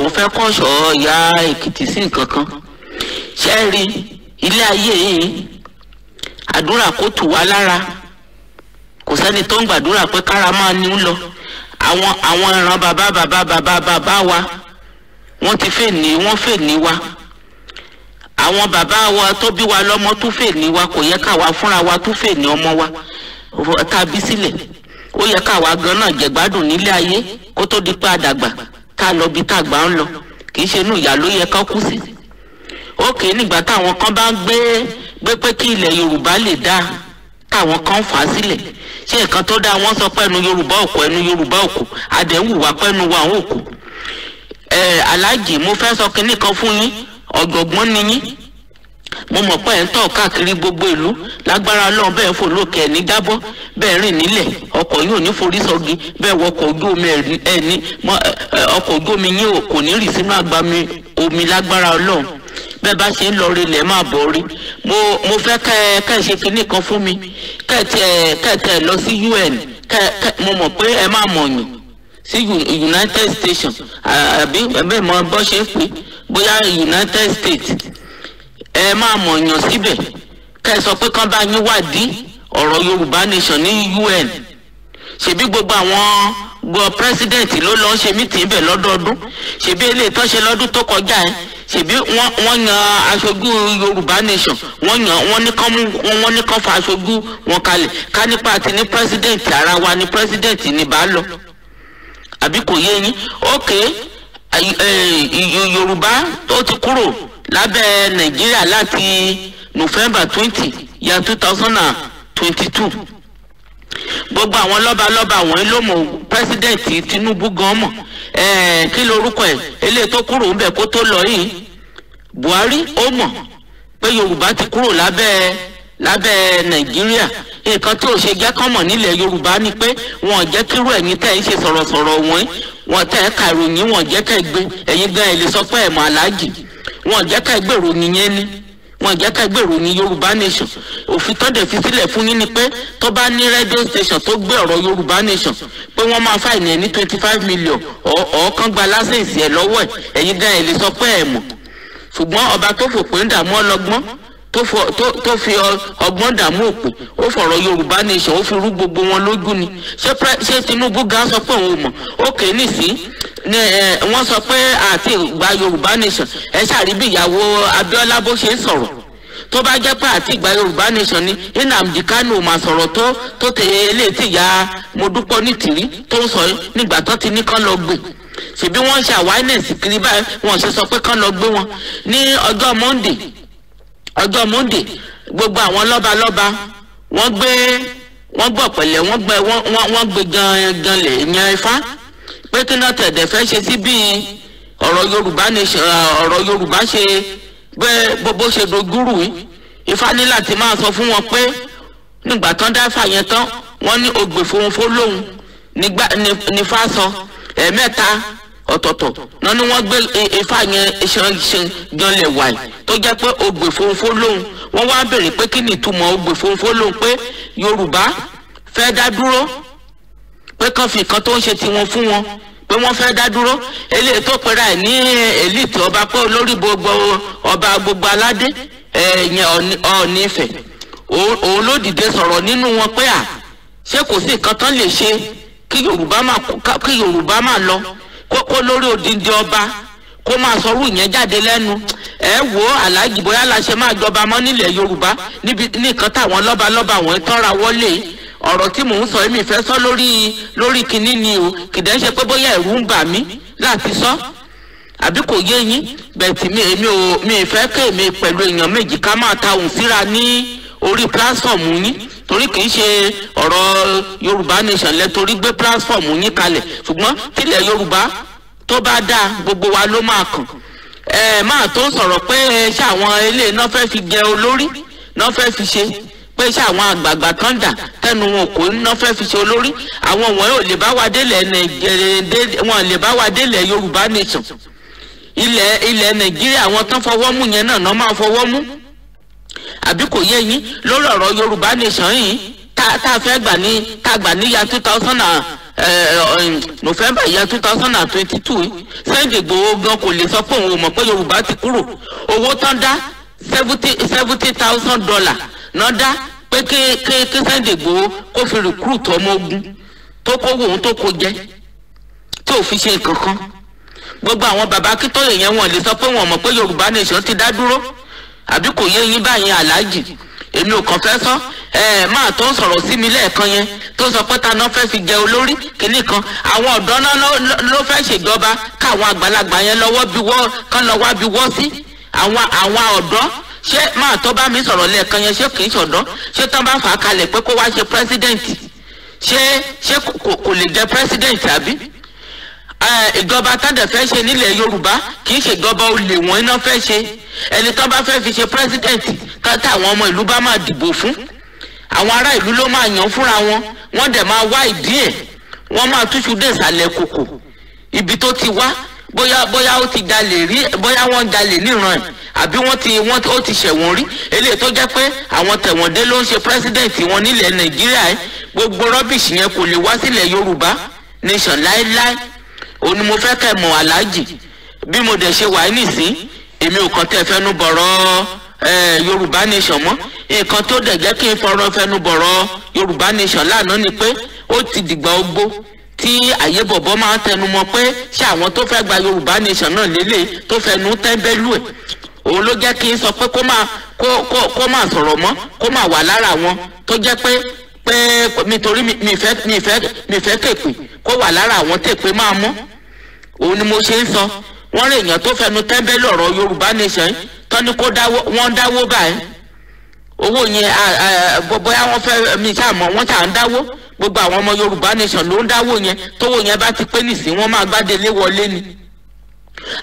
òun fẹ́ kọ́ṣọ́ ìyá Èkìtì sí nǹkan kan ṣe rí ilé ayé yìí àdúrà kó tù wá lára kò sẹ́ni tó ń gbàdúrà pé kára máa ní ń lọ àwọn àwọn ìran bàbá bàbá bàbá bàbá wa wọ́n ti fẹ́ ní wọ́n fẹ́ ní wa àwọn bàbá wa tó bí wa lọ́mọ tó fẹ́ ní wa kò yẹ káwa fúnra wa tó fẹ́ ní ọmọ wa tá a bí sílẹ̀ ó yẹ káwa gan náà jẹ̀gbádùn nílé ayé kó tó di pé àdàgbà tá a lọ bí tá a gbà ń lọ kì í ṣe inú ìyá ló yẹ ká kú sí. ókè nígbà táwọn kan bá ń gbé gbé pé kí ilẹ̀ Yorùbá lè dáa táwọn kan fà á sílẹ̀ se nǹkan tó dáa wọ́n sọ yorùbá òkú ẹnu yorùbá òkú àdéhùwà pẹ́ẹ́nu wa àwọn òkú. ẹ mo fẹ́ sọ kinní kan fún yín ni yín mo mọ̀ pé ẹ̀ ń káàkiri gbogbo ìlú lágbára ọlọ́run bẹ́ẹ̀ ẹ̀ ní bẹ́ẹ̀ rìn nílẹ̀ yóò sọ́gi bẹ́ẹ̀ ọkọ̀ ojú omi kò ní rì sínú bẹ́ẹ̀ bá ṣe ń lọ rilẹ̀ máa bọ̀ rí mo mo fẹ́ kẹ́ ẹ kẹ́ ẹ ṣe kinní kan fún mi kẹ́ ẹ tẹ kẹ́ ẹ tẹ lọ sí UN kẹ́ ẹ mo mọ̀ pé ẹ máa mọ̀ yìn sí United Station àbí bẹ́ẹ̀ mọ bọ́ ṣe ń pè bóyá United States ẹ máa mọ̀ yàn síbẹ̀ kẹ́ ẹ sọ pé kán bá yín wádìí ọ̀rọ̀ Yorùbá Nation ní UN ṣebí gbogbo àwọn gọ president ló lọ ṣe mítìn bẹ̀ lọ́dọọdún ṣèbí eléyìí tó ṣe lọ́dún tó kọjá ẹ̀ ṣèbí wọ́n yan aṣojú yorùbá nation wọ́n yan wọ́n ní kán mú wọ́n ní kán fa aṣojú wọn kalẹ̀ ká nípa àti ní president ara wa ni president ní bá lọ àbí kò yé yín ok eh, yorùbá tó ti kúrò lábẹ́ nàìjíríà láti november twenty year two thousand and twenty two gbogbo àwọn lọ́balọ́ba wọ̀nyí ló mọ̀ pẹ́sidẹ̀ntì Tinubu gan mọ̀ kí lorúkọ ẹ̀ eléyìí tó kúrò ń bẹ̀ kó tó lọ yìí Buhari ó mọ̀ pé Yorùbá ti kúrò lábẹ́ lábẹ́ Nàìjíríà nǹkan tí ò ṣe jẹ́ kán mọ̀ nílẹ̀ Yorùbá ni pé wọn ò jẹ́ kírú ẹ̀yin tẹ́ ẹ̀ ń ṣe sọ̀rọ̀sọ̀rọ̀ wọ̀nyí wọn tẹ́ ẹ̀ kàròyìn wọn ò jẹ́ kẹ́ gbé ẹ̀yin gan ẹ̀ lè sọ pé ẹ̀ mọ̀ aláàjì wọn ò jẹ́ kẹ́ gbèrò nìyẹn ni wọn jẹ́ ká gbèrò ní yorùbá nation òfin tọ́dẹ̀ fi sílẹ̀ fún yín ni pé tó bá ní rédíò station tó gbé ọ̀rọ̀ yorùbá nation pé wọ́n máa fáìní ẹ̀ ní twenty five million ọ̀ọ́kán gba lásìsì ẹ̀ lọ́wọ́ ẹ̀ ẹ̀yin gan ẹ̀ lè sọ pé ẹ̀ mọ̀ ṣùgbọ́n ọba tó fòpin dààmú ọlọ́gbọ́n tó fi ọgbọ́n dààmú òpò ó fọ̀rọ̀ Yorùbá nation ó fi rú gbogbo wọn lójú ni ṣé Tinubu gan sọ pé òun ò mọ̀ ó kè é nìsín ni wọ́n sọ pé àti ìgbà Yorùbá nation ẹ ṣàrí bí ìyàwó Abíọ́lá bó ṣe ń sọ̀rọ̀ tó bá jẹ́ pé àti ìgbà Yorùbá nation ni Nnamdi Kanu máa sọ̀rọ̀ tó tó tẹ eléyìí tí ìyá Modúpọ̀ nítìrí tó ń sọ nígbà tó ti ní kán lọ gbìn ṣèbí wọ́n ṣe awareness kiri báyìí wọ́n ṣe sọ pé kán lọ gbé wọn ní ọjọ́ Monday ọjọ́ monde gbogbo àwọn lọ́balọ́ba wọ́n gbé wọ́n gbọ́ pẹ̀lẹ́ wọ́n gbẹ wọ́n gbé gan-an lè yan ifá pé kí náà tẹ̀dẹ̀ fẹ́ ṣe sí bíi ọ̀rọ̀ yorùbá ni ọ̀rọ̀ yorùbá ṣe bẹ́ẹ̀ bó ṣe dogúrù ifá ní láti máa sọ fún wọn pé nígbà tán dáfà yẹn tán wọ́n ní ògbè fohùn fólóhùn nífà sọ ẹ̀ẹ̀mẹ́ta ọ̀tọ̀ọ̀tọ̀ náà ni wọ́n gbé ifá yẹn ìṣanṣin gan lẹ̀ wáyé tó jẹ́ pé ogbè fòǹfò lòun wọ́n wá béèrè pé kí ni ìtumọ̀ ogbè fòǹfò lòun pé Yorùbá fẹ́ dá dúró pé kan fi nǹkan tó ń ṣe tiwọn fún wọn pé wọ́n fẹ́ dá dúró eléyìí tó pera ẹ̀ ní eh, elite ọba pé olórí gbogbo ọba gbogbo aládé ẹ̀yẹn Ọọ̀ni Ifẹ̀ òun ló dìde sọ̀rọ̀ nínú wọn pé à ṣé kò sí nǹkan tán lè ṣe kí Yorùbá má lọ kókó lórí odindi ọba kó máa sọrú ìyẹn jáde lẹ́nu ẹ wo aláàjì bóyá láṣẹ máa jọba mọ́ nílẹ̀ yorùbá níbi nìkan táwọn lọ́balọ́ba wọn tọ́ra wọlé ọ̀rọ̀ tí mò ń sọ èmi fẹ́ sọ lórí lórí kinní ni o kìdẹ́ ṣe pé bóyá ẹ̀rù ń bà mí láti sọ àbí kò yé yín bẹ̀tì mi èmi ò mi fẹ́ kéèmí pẹ̀lú èèyàn méjì ká máa ta òun síra ní orí pílásọ̀mù yín torí kì í ṣe ọ̀rọ̀ yorùbá nation lẹ torí gbé platform yín kalẹ̀ ṣùgbọ́n tilẹ̀ yorùbá tó bá dáa gbogbo wa ló máa kàn ẹ máa tó sọ̀rọ̀ pé ṣáwọn eléyìí náà fẹ́ fi jẹ olórí náà fẹ́ fi ṣe pé ṣáwọn àgbààgbà kan dà tẹnu wọn kò náà fẹ́ fi ṣe olórí àwọn wọn ò lè bá wa délẹ̀ wọn lè bá wa délẹ̀ yorùbá nation ilẹ̀ ilẹ̀ nàìjíríà àwọn tán fọwọ́ mú yẹn náà náà máa fọwọ́ mú àbí kò yé yín lórí ọ̀rọ̀ yorùbá nation yìí tá a fẹ́ gbà ní tá a gbà níyà two thousand and november year two thousand and twenty two Sunday Igboho gan kò lè sọ pé òun ò mọ̀ pé yorùbá ti kúrò owó tán dá seventy seventy thousand dollar náà dá pé ké ké ké Sunday Igboho kó fi recruit ọmọ ogun tó kó wòun tó kó jẹ tí ò fi ṣe nǹkan kan gbogbo àwọn baba Akíntóyè yẹn wọn lè sọ pé wọn mọ̀ pé yorùbá nation ti dá dúró àbí kò yé yín báyìí aláàjì èmi ò kàn fẹ́ sọ ẹ máa tó sọ̀rọ̀ sí mi lẹ́ẹ̀kan yẹn tó sọ pé taná fẹ́ fi jẹ olórí kìnnì kan àwọn ọ̀dọ́ náà ló fẹ́ ṣèjọba káwọn àgbàlagbà yẹn lọ́wọ́ bí wọ́ kán lọ́wọ́ bí wọ́ sí àwọn àwọn ọ̀dọ́ ṣé máa tó bá mi sọ̀rọ̀ lẹ́ẹ̀kan yẹn ṣé kìí ṣọ̀dọ́ ṣé tán bá fà á kalẹ̀ pé kó wá ṣe pírẹ́sídẹ̀ǹtì ṣé ṣé kò lè jẹ pírẹ́sídẹ̀ǹtì àbí ìjọba tádà fẹ́ ṣe nílẹ̀ yorùbá kì í ṣe ìjọba olè wọ́n iná fẹ́ ṣe ẹni tó bá fẹ́ fi ṣe president tátà àwọn ọmọ ìlú bá máa dìbò fún àwọn ará ìlú ló máa yàn fúnra wọn wọ́n dẹ̀ máa wá ìdí ẹ̀ wọ́n máa túṣu dé ìsàlẹ̀ kòkò ibi tó ti wá bóyá bóyá ó ti jalè rí bóyá wọ́n ń jalè níran ẹ̀ àbí wọ́n ti wọ́n ó ti ṣẹ̀wọ̀n rí eléyìí tó jẹ́ pé àwọn tẹ̀wọ̀ndé ló ń ṣe president wọn nílẹ̀ nàìjíríà ẹ̀ gbogbo rọ́bìṣì yẹn kò lè wá sílẹ̀ yorùbá nation láéláé ó ní mo fẹ́ kẹ́ mọ̀ aláàjì bí mo dẹ̀ ṣe wà nísìn èmi ò kàn tẹ́ fẹ́nu bọ̀rọ̀ yorùbá nation mọ́ nǹkan tó dẹ̀ jẹ́ kí n fọ̀rọ̀ fẹ́nu bọ̀rọ̀ yorùbá nation lánàá ni pé ó ti dìgbà ogbó tí àyè bọ̀bọ̀ máa ń tẹnu mọ́ pé ṣé àwọn tó fẹ́ gba yorùbá nation náà lélẹ̀ tó fẹnu tẹ́ńbẹ́lú ẹ̀ òun ló jẹ́ kí n sọ pé kó máa kó kó máa sọ̀rọ̀ mọ́ kó máa wà lára wọn tó jẹ́ pé pé nítorí mi fẹ́ mi fẹ́ mi fẹ́ tèpè kó wà lára àwọn tèpè máa mọ́ òun ni mo ṣe ń sọ wọ́n rí èèyàn tó fẹnu tẹ́ńbẹ́lì ọ̀rọ̀ Yorùbá nation tọ́ni kó dáwó wọ́n dáwó báyìí owó yẹn bóyá wọ́n fẹ́ mi ṣáà mọ̀ wọ́n ṣáà ń dáwó gbogbo àwọn ọmọ Yorùbá nation ló ń dáwó yẹn tówó yẹn bá ti pé nìsín wọ́n máa gbádé wọlé ni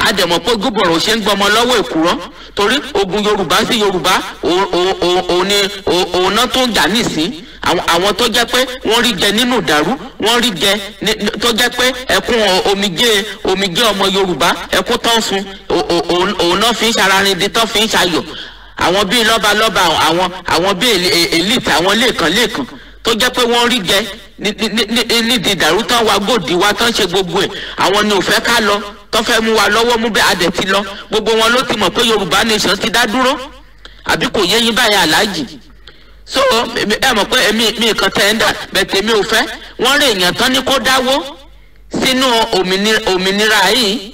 àdẹ̀mọ̀pọ̀ gbọ́bọ̀rọ̀ ṣe ń gbọmọ lọ́wọ́ èkúrọ́ torí ogun yorùbá sí yorùbá òun náà tó ń jà nísìn àwọn tó jẹ́ pé wọ́n rí jẹ nínú ìdàrú wọ́n rí jẹ tó jẹ́ pé ẹkún omijé omijé ọmọ yorùbá ẹkún tán sun òun náà fi ń ṣararin di tán fi ń ṣayọ̀ àwọn bíi lọ́balọ́ba àwọn àwọn bíi èlìtì àwọn lẹ́ẹ̀kan lẹ́ẹ̀kan tó jẹ́ pé wọ́n rí jẹ nídìí dàrú tán wa gòdì wa tán ṣe gbogbo ẹ̀ àwọn ni ò fẹ́ ká lọ tó fẹ́ mú wa lọ́wọ́ mú bẹ́ẹ̀ adẹ̀ ti lọ gbogbo wọn ló ti mọ̀ pé Yorùbá nation ti dá dúró àbí kò yé yín báyìí aláàjì so ẹ mọ̀ pé èmi mi kan tẹ́ndà bẹ̀tẹ̀ mi ò fẹ́ wọ́n rí èèyàn tán ni kó dáwó sínú òmìnira yìí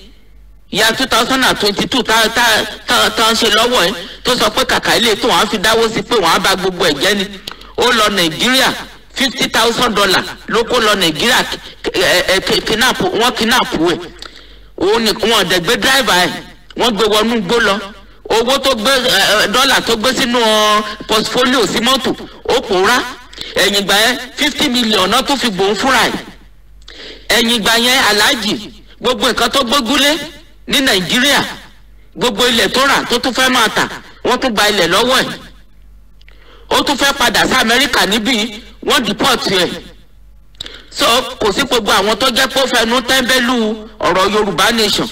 ya two thousand and twenty two tá tá tá ń ṣe lọ́wọ́ ẹ̀ tó sọ pé kàkà ilé tó wọ́n á fi dáwó sí pé wọ́n á bà gbogbo ẹ̀ jẹ́ ni ó lọ nàìjíríà fifty thousand dollar ló kó lọ nàìjíríà kidnap wọ́n kidnap ẹ̀ òun nìkan wọ́n dẹ̀ gbé driver ẹ̀ wọ́n gbé wọnú gbó lọ owó tó gbé dọ́là tó gbé sínú portfolio sí mọ́tò ó pòórá ẹ̀yìn ìgbà yẹn fifty million náà tó fi gbòun fúnra ẹ̀ ẹ̀yìn ìgbà yẹn aláàjì gbogbo nǹkan tó gbógúlé ní nàìjíríà gbogbo ilẹ̀ tó rà tó tún fẹ́ máa tà wọ́n tún gba ilẹ̀ lọ́wọ́ ẹ̀ ó tún fẹ́ padà sí amẹ́ríkà níbí wọ́n deport ẹ̀ so kò sí gbogbo àwọn tó jẹ́ pé ó fẹnu tẹ́ńbẹ́lú ọ̀rọ̀ yorùbá nation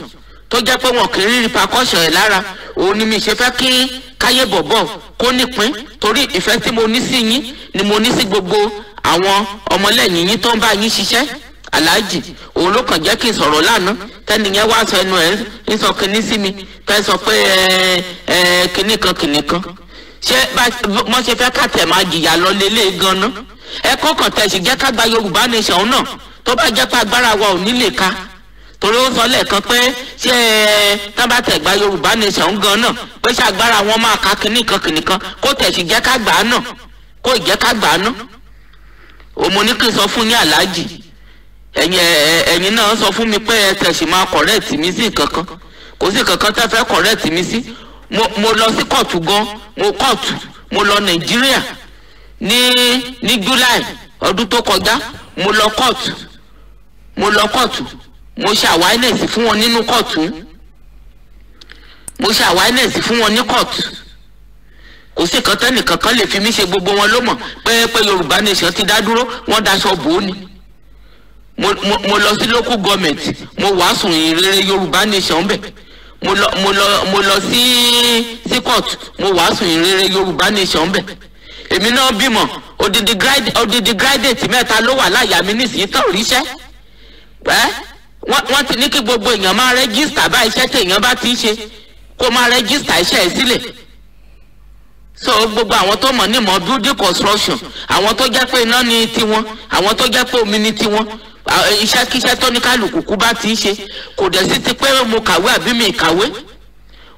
tó jẹ́ pé wọn kì í rí repercussion ẹ̀ lára òun ni mi ṣe fẹ́ kí káyé bọ̀bọ̀ kó nípín torí ìfẹ́ tí mo ní sí yín ni mo ní sí gbogbo àwọn ọmọlẹ́yìn yín tó ń bá yín ṣiṣẹ́ aláàjì òun ló kàn jẹ́ kí n sọ̀rọ̀ lánàá tẹ́niyẹn wá sọ ẹnu ẹ̀ ń sọ kinní sí mi tẹ́ sọ pé ẹ ẹ kinní kan kinní kan ṣé wọ́n ṣe fẹ́ kàtẹ́ máa jìyà lọ lélẹ̀ gan-an ẹ kọ́kàn tẹ̀sí jẹ́ ká gba yorùbá nation náà tó bá jẹ́ pé agbára wa ò ní lè ka torí ó sọ lẹ́ẹ̀kan pé ṣé ẹ tán bá tẹ̀ gba yorùbá nation gan náà pé ṣé agbára wọn máa ka kinní kan kinní kan kó tẹ̀sí jẹ́ ká gbà á náà kó ìjẹ́ ká gbà á náà òmò ní kí n sọ fún ní aláàjì ẹ̀yin ẹ̀yin náà sọ fún mi pé ẹ tẹ̀sí máa kọ̀rẹ́ẹ̀tì mi sí nǹkan kan kò sí nǹkan kan tẹ́ fẹ́ kọ̀rẹ́ẹ̀tì mi sí mo mo lọ sí kóòtù gan mo kóòtù mo lọ nàìjíríà ní ní july ọdún tó kọjá mo lọ kóòtù mo lọ kóòtù mo ṣe awareness fún wọn nínú kóòtù mo ṣe awareness fún wọn ní kóòtù kò sí kankan nìkankan lè fi mí ṣe gbogbo wọn ló mọ̀ pẹ́ẹ́pẹ́ yorùbá nation ti dá dúró wọ́n daṣọ bò ni mo mo mo lọ sí local government mo wàásù ìrere yorùbá nation bẹ́ẹ̀ mo lọ mo lọ mo lọ sí sí court mo wàásù ìrere yorùbá nation bẹ èmi náà bímọ odidi grade odidi graduate mẹ́ta ló wà láyà mi nísìnyí tán ríṣẹ́ ẹ wọ́n ti ní kí gbogbo èèyàn máa rẹ́gísítà bá iṣẹ́ téèyàn bá ti ṣe kó máa rẹ́gísítà iṣẹ́ ẹ̀ sílẹ̀ so gbogbo àwọn tó mọ̀ nímọ̀ building construction àwọn tó jẹ́ pé iná ni tiwọn àwọn tó jẹ́ pé omi ni tiwọn Ah, iṣẹ́kíṣẹ́ tó ní kálukú kú bá ti ń ṣe kò dẹ̀ sí ti pé mo kàwé àbí mi kàwé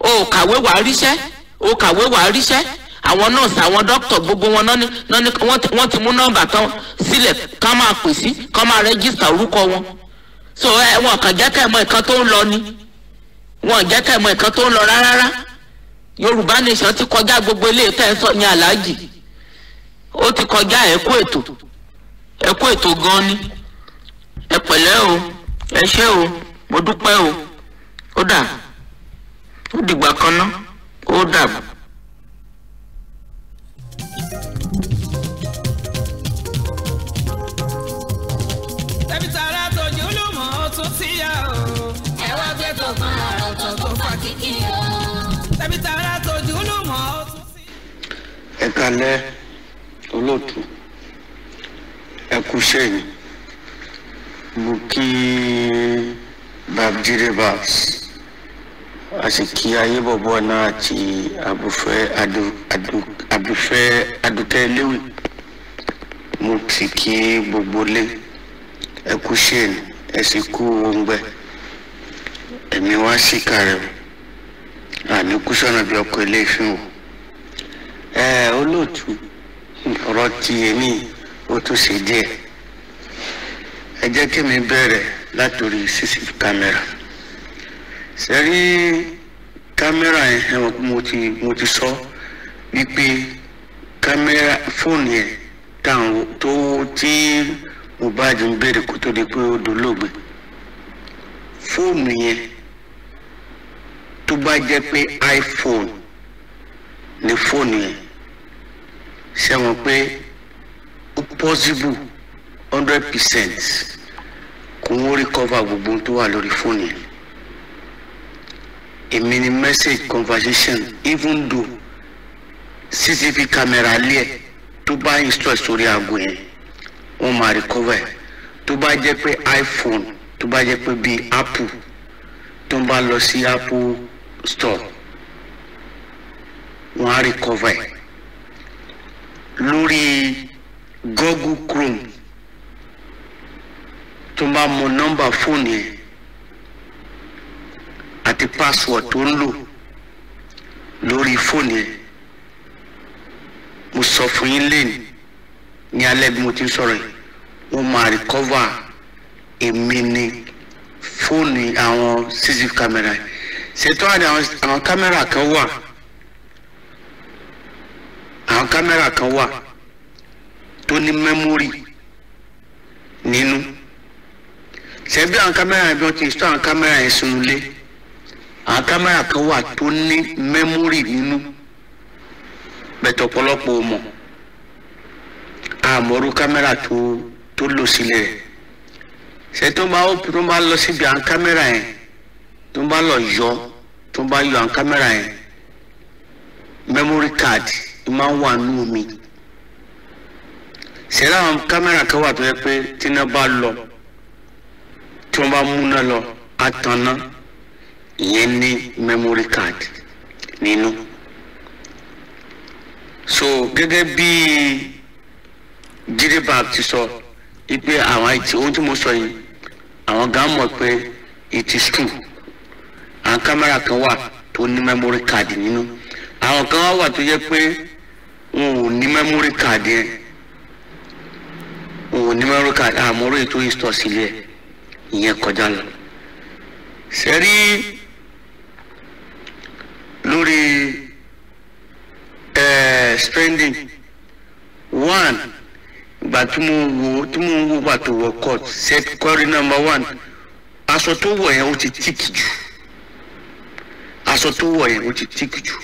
o kàwé wàá ríṣẹ́ o kàwé wàá ríṣẹ́ àwọn nọ́ọ̀sì àwọn dókítà gbogbo wọn náà ni wọ́n ti mú nọ́mbà tán sílẹ̀ kán máa pè sí kán máa rẹ́gísítà orúkọ wọn so ẹ wọn kàn jẹ́ mọ nǹkan tó ń lọ ni wọn jẹ́ kẹ́ ẹ mọ nǹkan tó ń lọ rárá Yorùbá nation ti kọjá gbogbo ilé tẹ́ sọ ní aláàjì ó ti kọjá ẹ̀kọ́ ètò ẹ̀kọ́ ètò gan ni ẹ pẹ̀lẹ́ o ẹ ṣé o mo dúpẹ́ o ó dà ó dìgbà kan ná ó dà. o. ẹ wá gbé kalẹ olóòtú ẹ kú sẹ́yìn. Mukhi babjire babs asiki aye bobo na ati abufe adu adu abufe adute lewi ti ki gbogbo le ẹkú shane ẹsìn kú wọngbẹ ẹmí wá sí kàrẹ àmì kú sọnà bí ọkọ ẹ ti ẹ jẹ́ kí mi bẹ̀rẹ̀ látòrí sísì kámẹ́rà sẹ́rí kámẹ́rà yẹn ẹ wọ́n mo ti mo ti sọ wípé kámẹ́rà fóònù yẹn táwọn tó tí Mohbad ń bèrè kó tó di pé ó dolóògbé fóònù yẹn tó bá jẹ́ pé iPhone ni fóònù yẹn ṣe pé ó possible hundred percent kò wọ́n recover gbogbo tó wà lórí fóònù yẹn èmi ni message conversation even though cctv camera lé ẹ tó bá install sórí aago yẹn wọ́n máa recover ẹ tó bá jẹ́ pé iphone tó bá jẹ́ pé bíi apple tó ń bá lọ sí apple store wọ́n á recover ẹ lórí google chrome máa mọ nọ́mbà fóònù yẹn àti password tó ń lò lórí fóònù yẹn mo sọ fún yín lẹ́nu ní alẹ́ bí mo ti ń sọ̀rọ̀ yìí wọ́n máa recover èmi ní fóònù àwọn cctv camera ṣètò àwọn camera, kan wà àwọn camera, kan wà tó ní mẹ́mórì nínú ṣe bí àwọn kámẹ́rà bí wọ́n ti sọ àwọn kámẹ́rà yẹn sínú ilé àwọn kámẹ́rà kan wà tó ní mẹ́mórì nínú bẹ̀tẹ̀ ọ̀pọ̀lọpọ̀ mọ̀ àmọ́rú kámẹ́rà tó tó lò sílẹ̀ rẹ̀ ṣe tó bá ó tó bá lọ síbi àwọn kámẹ́rà yẹn tó bá lọ yọ tó bá yọ àwọn kámẹ́rà yẹn mẹ́mórì káàdì máa ń wà nú omi ṣe láwọn kámẹ́rà kan wà tó yẹ pé tí iná bá lọ tí wọ́n bá múná lọ atanná ìyẹn ní memory card nínú so gẹ́gẹ́ bí jíde bag ti sọ wípé àwọn àìtí ohun tí mo sọ yìí àwọn gan mọ̀ pé it is true àwọn kámẹ́rà kan wà tó ní memory card nínú àwọn kan wà tó yẹ pé wọn ò ní memory card yẹn wọn ò ní memory card àmọ́ orí ètò ìsọ̀sílẹ̀ yẹn ìyẹn kọjá lọ sẹ́rí lórí ẹ̀ẹ́ spending one ìgbà tí mo wo tí mo wo gbà tó wọ court set query number one aṣọ tó wọ̀ yẹn ó ti tíkì jù aṣọ tó wọ̀ yẹn ó ti tíkì jù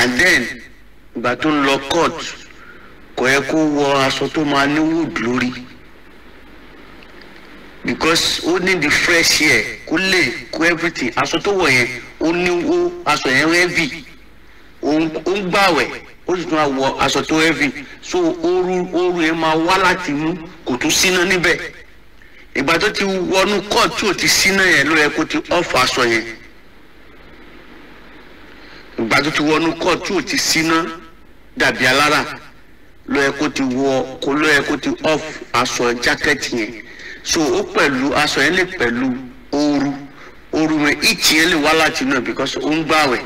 and then ìgbà tó ń lọ court kò yẹ kó wọ aṣọ tó máa ní wood lórí because ó ní the fresh air kó lè kó everything aṣọ tó wọ̀ yẹn ó ní ó aṣọ yẹn heavy ó ń gbàwẹ̀ ó sì tún á wọ aṣọ tó heavy so ooru ooru yẹn máa wá láti mú kò tún síná níbẹ̀ ìgbà tó ti wọnú kọ́ tí ò ti sina yẹn ló yẹ kó ti off aso yẹn ìgbà tó ti wọnú kọ́ tí ò ti sina dàbí alára ló yẹ kó ti wọ kó ló yẹ kó ti off aso jacket yẹn so ó pẹ̀lú aṣọ yẹn lè pẹ̀lú ooru ooru rẹ̀ ìtì yẹn lè wá láti inú ẹ̀ because ó ń gbàwẹ̀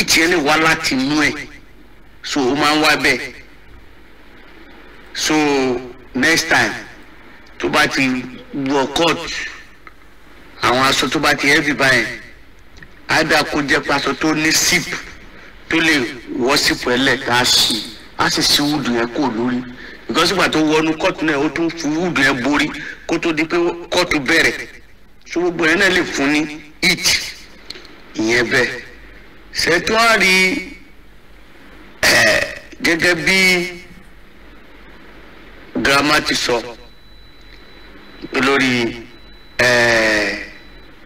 ìtì yẹn lè wá láti so ó máa ń wá so next time tó ti wọ court àwọn aṣọ tó ti heavy báyẹn á dà kó jẹ́ paṣọ tó ní zip tó lè wọ́ sípò ẹlẹ́ka á because ìgbà tó wọnú kóòtù náà ó tún fúdù ẹ borí kó tó di pé kóòtù bẹ̀rẹ̀ so gbogbo ẹ náà lè fún ní it ìyẹn bẹ́ẹ̀ ṣètúárì ẹ̀ gẹ́gẹ́ bí girama ti sọ lórí ẹ̀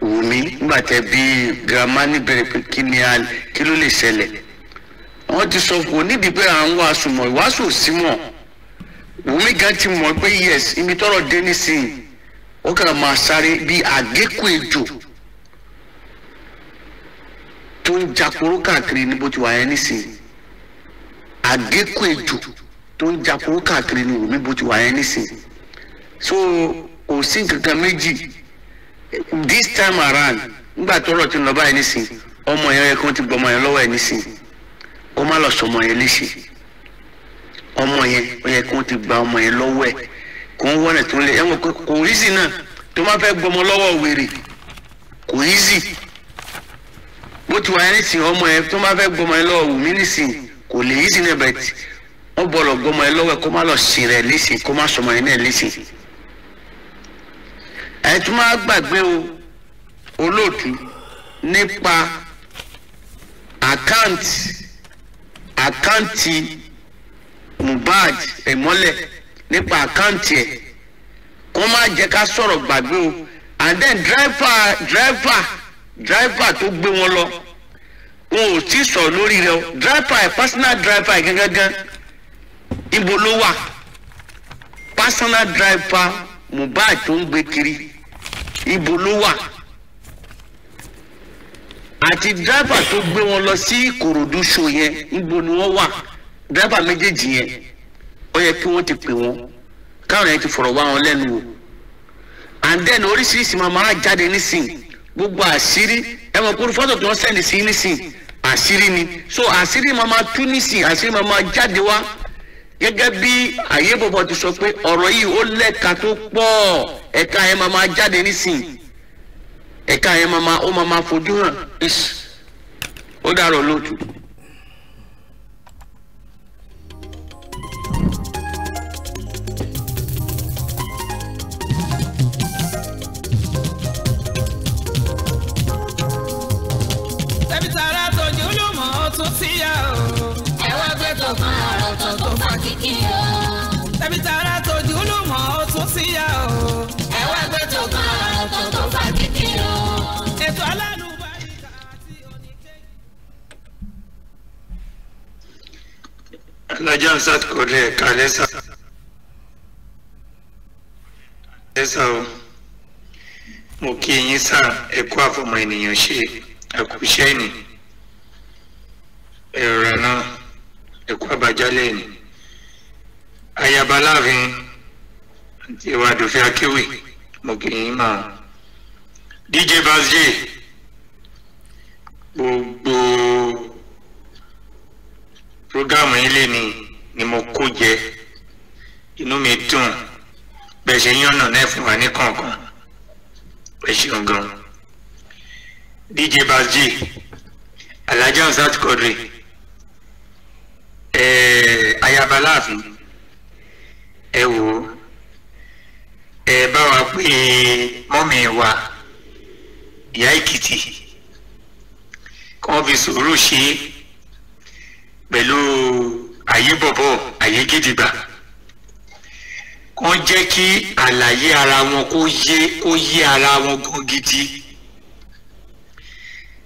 wùmí nígbà tẹ bí girama níbẹ̀rẹ̀ pé kí ni a kí ló lè ṣẹlẹ̀ wọ́n ti sọ kò nídìí pé à ń wàásù mọ́ ìwàásù sí Wùmí gan ti mọ̀ pé yes ibi tọrọ dé nísìnyí ó kàn máa sáré bíi àgékù ejò tó ń jakoro káàkiri ní ti wà yẹn nísìnyí àgékù ejò tó ń jakoro káàkiri ní ti wà yẹn nísìnyí so kò sí nǹkankan méjì this time around nígbà tọrọ ti lọ báyìí nísìnyí ọmọ yẹn kan ti gbọmọ yẹn lọ́wọ́ yẹn nísìnyí kó má lọ sọmọ yẹn léṣe ọmọ yẹn ó yẹ kó ti gba ọmọ yẹn lọ́wọ́ ẹ̀ kó ń wọ́nà tó lé ẹ̀wọ̀n kò easy náà tó máa fẹ́ gbọmọ lọ́wọ́ wèrè kò easy bó ti wà yẹn nísìnyí ọmọ yẹn tó máa fẹ́ gbọmọ yẹn lọ́wọ́ wù mí nísìnyí kò lè easy náà bẹ̀t wọ́n bọ̀lọ̀ gbọmọ yẹn lọ́wọ́ ẹ̀ kó má lọ sìn rẹ̀ lẹ́sìn kó má sọmọ yẹn náà lẹ́sìn ẹ̀ tó o olóòtú nípa àkáǹtì àkáǹtì Mohbad ẹmọlẹ nípa àkáǹtì ẹ kó má jẹ́ ká sọ̀rọ̀ gbàgbé o and then driver driver driver tó gbé wọn lọ wọn ò tí sọ̀rọ̀ lórí rẹ o driver ẹ̀ personal driver ẹ̀ gángan ibo ló wà personal driver Mohbad tó ń gbé kiri ibo ló wà àti driver tó gbé wọn lọ sí Ìkòròdú show yẹn ibo ni wọ́n wà. dírẹ́bà méjèèjì yẹn ó yẹ kí wọ́n ti pè wọ́n káwọn yẹn ti fọ̀rọ̀ wá wọn lẹ́nu wò and then oríṣiríṣi máa máa jáde nísìn gbogbo àṣírí ẹ mọ̀ kúrú fọ́tò tí wọ́n sẹ́ni sí àṣírí ni so àṣírí máa máa tú nísìn àṣírí máa máa jáde wá gẹ́gẹ́ bí àyè ti sọ pé ọrọ yìí ó ka tó pọ̀ eka yẹn mama máa jáde nísìn ẹ̀ka yẹn mama máa ó máa máa fojú hàn ó lóòtú. tún sí yá o. ẹ wá gbé tó kan ọ̀rọ̀ tó tó fà kíkì o. tẹ̀bí tara tójú ló mọ̀ ó tún sí yá o. ẹ wá gbé tó kan ọ̀rọ̀ tó tó fà kíkì o. ètò alálùbáríkà àti oníkẹ́. alájà ń ṣàtúkọ̀dé ẹ̀ka lẹ́sà. lẹ́sà o mo kí yín sá ẹ̀kọ́ àfọmọ ènìyàn ṣe ẹ̀kú iṣẹ́ ènìyàn. Rana Ekwabagya lane Ayaba Láàfin àti ìwà àdòfin akéwì mo kì í DJ Bazje gbogbo programu yìí lè ní ni mo kó jẹ inú mi dùn bẹ́ẹ̀ ṣe yànnà wa ní kọ̀ọ̀kan ẹ ṣeun DJ Bazje Alhaji Hamzat Quadri ayaba láàfin ẹ wò ó ẹ bá wa pé mọ́mì wa ìyá èkìtì kí wọ́n fi sùúrù ṣe pẹ̀lú àyè bọ̀bọ̀ àyè gidigba kàn jẹ́ kí àlàyé ara wọn kó yé kó yé ara wọn gan gidi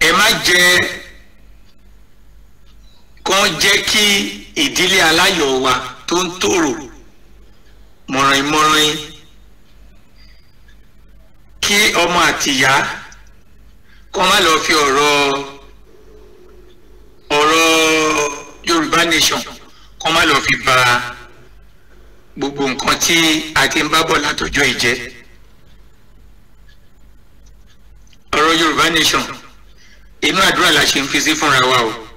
ẹ má jẹ́ kàn jẹ́ kí ìdílé aláyọ̀ wa tó ń tòrò mọ̀rìnmọ̀rìn kí ọmọ àtìyá kọ́ má lọ fi ọ̀rọ̀ ọ̀rọ̀ Yorùbá nation kọ́ má lọ fi ba gbogbo nǹkan tí a ti ń bá bọ̀ látọjọ́ ìjẹ́ ọ̀rọ̀ Yorùbá nation inú àdúrà la ṣe ń fi sí fúnra wa o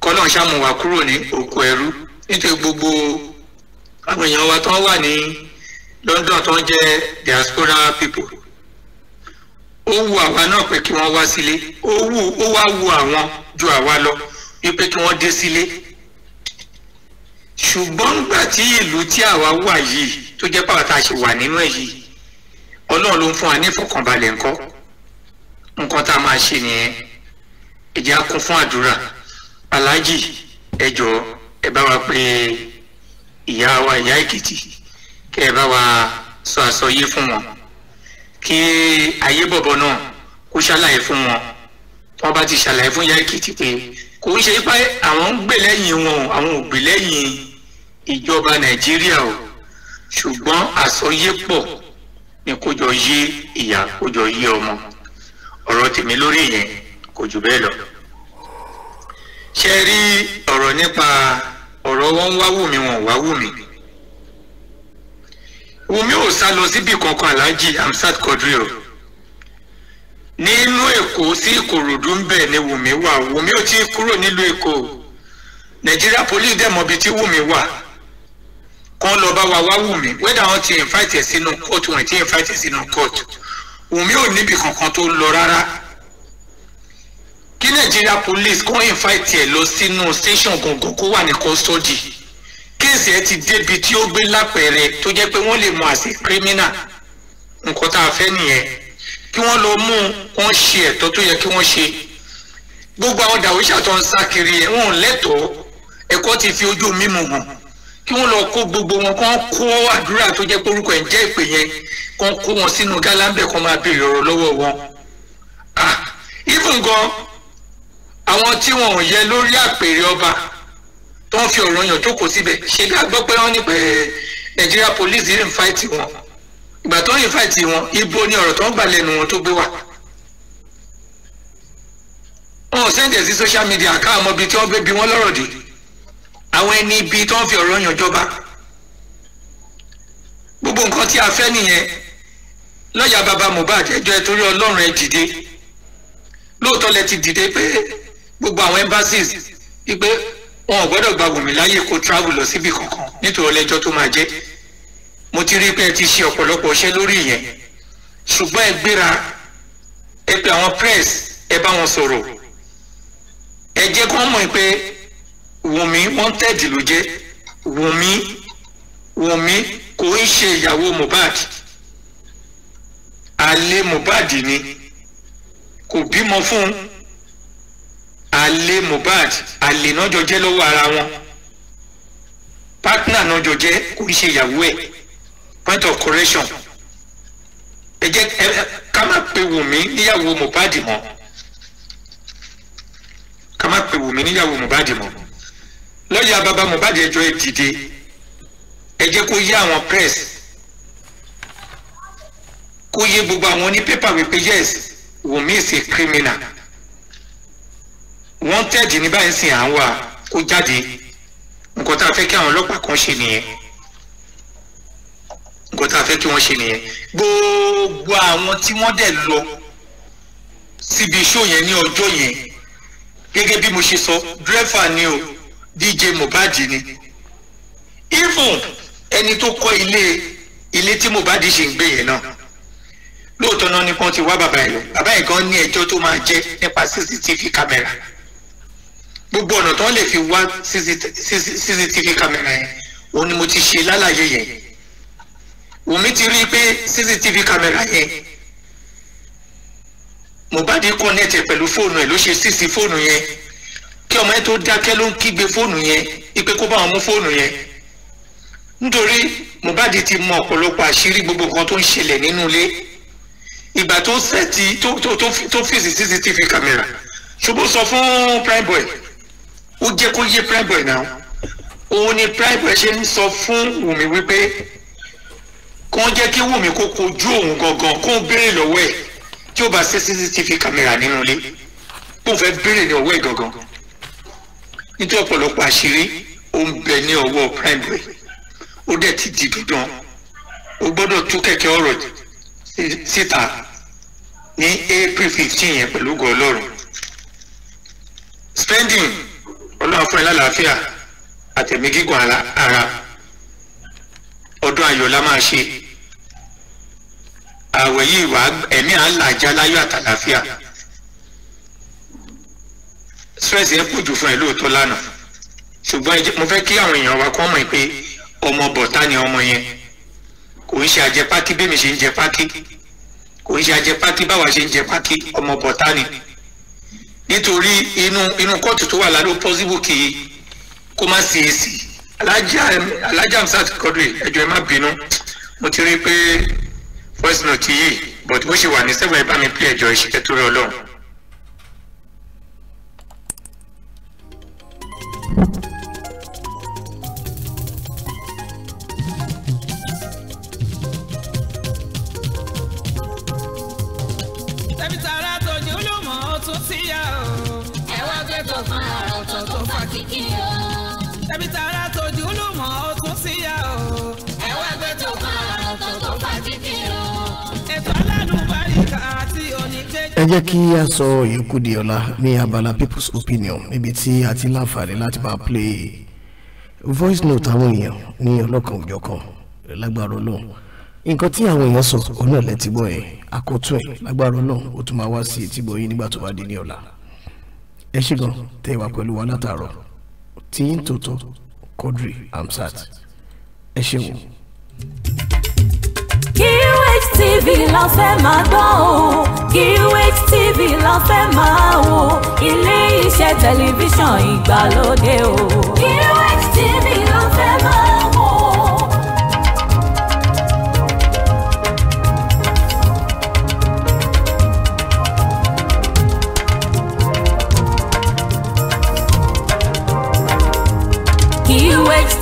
kọ́nà ṣàmù wá kúrò ní òkú ẹrú nítorí gbogbo àwọn èèyàn wa tó wà ní London tó ń jẹ́ diaspora people ó wu àwa náà pé kí wọ́n wá sílé ó wù ó wá wu àwọn ju àwa lọ wípé kí wọ́n dé sílé ṣùgbọ́n nígbà tí ìlú tí àwa wà yìí tó jẹ́ pàtàkì àṣẹ wà nínú ẹ̀ yìí ọlọ́run ló ń fún wa ní ìfọ̀kànbalẹ̀ ńkọ́ nǹkan tá a máa ṣe nìyẹn ẹ á kún fún àdúrà. Alaji, ẹ jọ̀ọ́ ẹ bá wa pé ìyá wa ìyá èkìtì kẹ ẹ bá wa sọ àsọyé fún wọn kí ayé bọ̀bọ̀ náà kó ṣàlàyé fún wọn wọn bá ti ṣàlàyé fún ìyá èkìtì pé kò ń ṣe pé àwọn ń gbè lẹ́yìn wọn àwọn ò gbè lẹ́yìn ìjọba nàìjíríà o ṣùgbọ́n àsọyé pọ̀ ni kó jọ yé ìyá kó jọ yé ọmọ ọ̀rọ̀ tèmi lórí yẹn kò jù bẹ́ẹ̀ lọ ṣe rí ọ̀rọ̀ nípa ọ̀rọ̀ wọn ń wá Wùmí wọn ò wá Wùmí Wùmí ò sá lọ síbi kankan Alhaji Hamzat Quadri o nínú Èkó sí Ìkòròdú ń bẹ̀ ni Wùmí wà Wùmí ò tí ì kúrò nílùú Èkó Nàìjíríà police dẹ̀ mọ̀ ibi tí Wùmí wà kan lọ bá wa wá Wùmí wẹ́dà wọn ti invite ẹ̀ sínú court wọn ti invite ẹ̀ sínú court Wùmí ò níbi kankan tó ń lọ rárá kí Nigeria police kàn invite ẹ lọ sínú station gangan kó wà ní custody kéèsì ẹ ti débi tí ó gbé lápẹẹrẹ tó jẹ́ pé wọ́n lè mú àṣẹ criminal nǹkan tá a fẹ́ nìyẹn kí wọ́n lọ mú wọn ṣe ẹ̀tọ́ tó yẹ kí wọ́n ṣe gbogbo àwọn dàwíṣà tó ń sá kiri ẹ̀ wọ́n lẹ́tọ̀ọ́ ẹ̀kọ́ ti fi ojú mímu hàn kí wọ́n lọ kó gbogbo wọn kán kó àdúrà tó jẹ́ pé orúkọ ẹ̀ ń jẹ́ ìpè yẹn kán kó wọn sínú gálámbẹ̀ kán máa béèrè ọ̀rọ̀ lọ́wọ́ wọn. ah even gan àwọn tí wọn ò yẹ lórí àpèrè ọba tó ń fi ọ̀rọ̀ yàn jókòó síbẹ̀ ṣe bí a gbọ́ pé wọ́n ní pé eh, Nigeria police yìí ń fáìtì wọn ìgbà tó ń fáìtì wọn ibo ni ọ̀rọ̀ tó ń gbà lẹ́nu wọn tó gbé wà. wọn ò sẹ́ńdẹ̀ sí social media ká àmọ́ ibi tí wọ́n gbé bí wọ́n lọ́rọ̀ dé àwọn ẹni ibi tó ń fi ọ̀rọ̀ yàn jọba. gbogbo nǹkan tí a fẹ́ nìyẹn lọ́ọ̀yà bàbá Mohbad ẹjọ́ ẹ torí Ọlọ́run ẹ dìde lóòótọ́ lẹ ti dìde pé gbogbo àwọn embassies wípé wọn ò gbọ́dọ̀ gba Wùmí láyè kó travel lọ síbi kankan nítorí ẹjọ́ tó máa jẹ́ mo ti rí pé ẹ ti ṣe ọ̀pọ̀lọpọ̀ iṣẹ́ lórí ìyẹn ṣùgbọ́n ẹ gbéra ẹ pe àwọn press ẹ bá wọn sọ̀rọ̀ ẹ jẹ́ kó mọ̀ pé Wùmí wanted ló jẹ́ Wùmí Wùmí kò ń ṣe ìyàwó Mohbad àlè Mohbad ni kò bímọ fún un àlè Mohbad àlè náà jọ jẹ́ lọ́wọ́ ara wọn partner náà jọ jẹ́ kò ń ṣe ìyàwó ẹ̀ point of correction ẹ jẹ́ ẹ ká má pe Wùmí níyàwó Mohbad mọ́ ká má pe Wùmí níyàwó Mohbad mọ́ lọ́ọ̀yà bàbá Mohbad ẹjọ́ ẹ dìde ẹ jẹ́ kó yé àwọn press kó yé gbogbo àwọn oní pépà wípé yes Wùmí is a criminal wọ́n tẹ̀dí ní báyìí sìn à ń wà kó jáde nǹkan tá a fẹ́ kí àwọn ọlọ́pàá kan ṣe nìyẹn nǹkan tá a fẹ́ kí wọ́n ṣe nìyẹn gbogbo àwọn tí wọ́n dẹ̀ lọ síbi iṣó yẹn ní ọjọ́ yẹn gẹ́gẹ́ bí mo ṣe sọ dírẹ́fà ni o DJ Mohbad ni even ẹni tó kọ́ ilé ilé tí Mohbad ṣe ń gbé yẹn náà lóòótọ́ náà ni wọ́n ti wá bàbá yìí lọ bàbá yìí gan ní ẹjọ́ tó máa jẹ́ nípa CCTV camera gbogbo ọ̀nà tó lè fi wá cctv camera yẹn òun ni mo ti ṣe lálàyé yẹn Wùmí ti rí i pé cctv camera yẹn Mohbad connect ẹ pẹ̀lú fóònù ẹ ló ṣe sísí fóònù yẹn kí ọmọ ẹ tó dákẹ́ ló ń kígbe fóònù yẹn ipe kó bá wọn mú fóònù yẹn nítorí Mohbad ti mọ ọ̀pọ̀lọpọ̀ àṣírí gbogbo kan tó ń ṣẹlẹ̀ nínú ilé ìgbà tó sẹ́ẹ̀tì tó fèsì cctv camera ṣùgbọ́n sọ fún prime boy ó jẹ́ kó yé Primeboy náà òun ni Primeboy ṣe ń sọ fún Wùmí wípé kàn jẹ́ kí Wùmí kó kojú òun gangan kó béèrè lọ́wọ́ ẹ̀ tí ó bá ṣe CCTV kámẹ́rà nínú ilé kó fẹ́ béèrè ní ọwọ́ ẹ̀ gangan nítorí ọ̀pọ̀lọpọ̀ àṣírí ó ń bẹ ní ọwọ́ Primeboy ó dẹ̀ ti di dandan ó gbọ́dọ̀ tú kẹ̀kẹ́ ọ̀rọ̀ síta ní April fifteen yẹn pẹ̀lú ògo spending ọlọ́run fún ẹ lálàáfíà àtẹ̀mí gígùn ara ọdún ayọ̀ la máa ṣe àwẹ̀ yìí wà ẹ̀mí à ń là já láyọ̀ àtàlàáfíà stress yẹn pọ̀ jù fún ẹ lóòótọ́ lánàá ṣùgbọ́n mo fẹ́ kí àwọn èèyàn wa kọ́ mọ̀ pé ọmọ bọ̀tá ni ọmọ yẹn kò ń ṣe àjẹpákí bí mi ṣe ń jẹ kò ń ṣe àjẹpákí báwa ṣe ń jẹ ọmọ bọ̀tá ni nítorí inú inú kóòtù tó wà ládó pọ́sibú kì í kó má sí èsì alájà Hamzat Quadri ẹjọ́ ẹ má bínú mo ti rí i pé voice note yìí but bó ṣe wà ní sẹ́wọ̀n ẹ bá mi pé ẹjọ́ ìṣẹ́ tó rẹ ọlọ́run. e ẹ jẹ́ kí a sọ ìyókù di ní abala people's opinion níbi tí a ti láǹfààní láti máa play voice note àwọn èèyàn ní ọlọ́kan lágbára ọlọ́run nǹkan tí àwọn èèyàn sọ òun náà lẹ́tí àkótó ẹ̀ lágbára wá sí nígbà tó bá ẹ ṣe gan tẹ́ wà pẹ̀lú wa látàárọ̀ tí ń tòótọ́ Quadri Hamzat ẹ ṣeun. QH TV la fẹ́ máa gbọ́ o QH TV la fẹ́ máa wo ilé iṣẹ́ tẹlifíṣàn ìgbàlódé o QH TV la fẹ́ máa.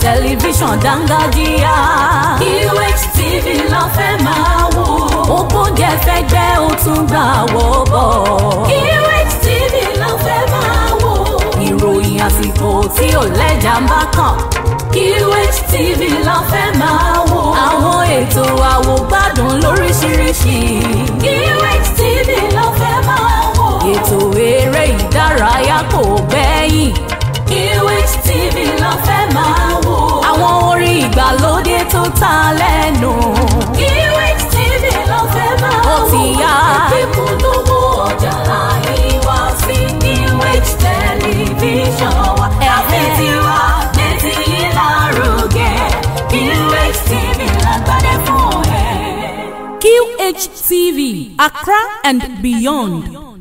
tẹlifíṣàn dáńgájíá. QHTV e la fẹ́ máa wò. ògbóǹgẹ̀ fẹ́gbẹ́ ó tún gbà wọ́ bọ̀. QHTV e la fẹ́ máa wò. ìròyìn àsìkò tí ò lẹ́jà ń bá kàn. QHTV e la fẹ́ máa wò. àwọn ètò àwògbádùn lóríṣiríṣi. QHTV la fẹ́ máa wò. ètò eré ìdárayá kò gbẹ́yìn. QHTV la fẹ́ máa wò àwọn orin ìgbàlódé tó ta lẹ́nu. QH TV ló fẹ́ máa wò ó ti yá. ìpínpín tó mú ọjà láyé wá sí QH tẹlifíṣàn wa. ẹ̀fẹ̀ ti wá létí yìí lárugẹ QH TV lágbádẹ́ fún ẹ. QH TV Accra and beyond.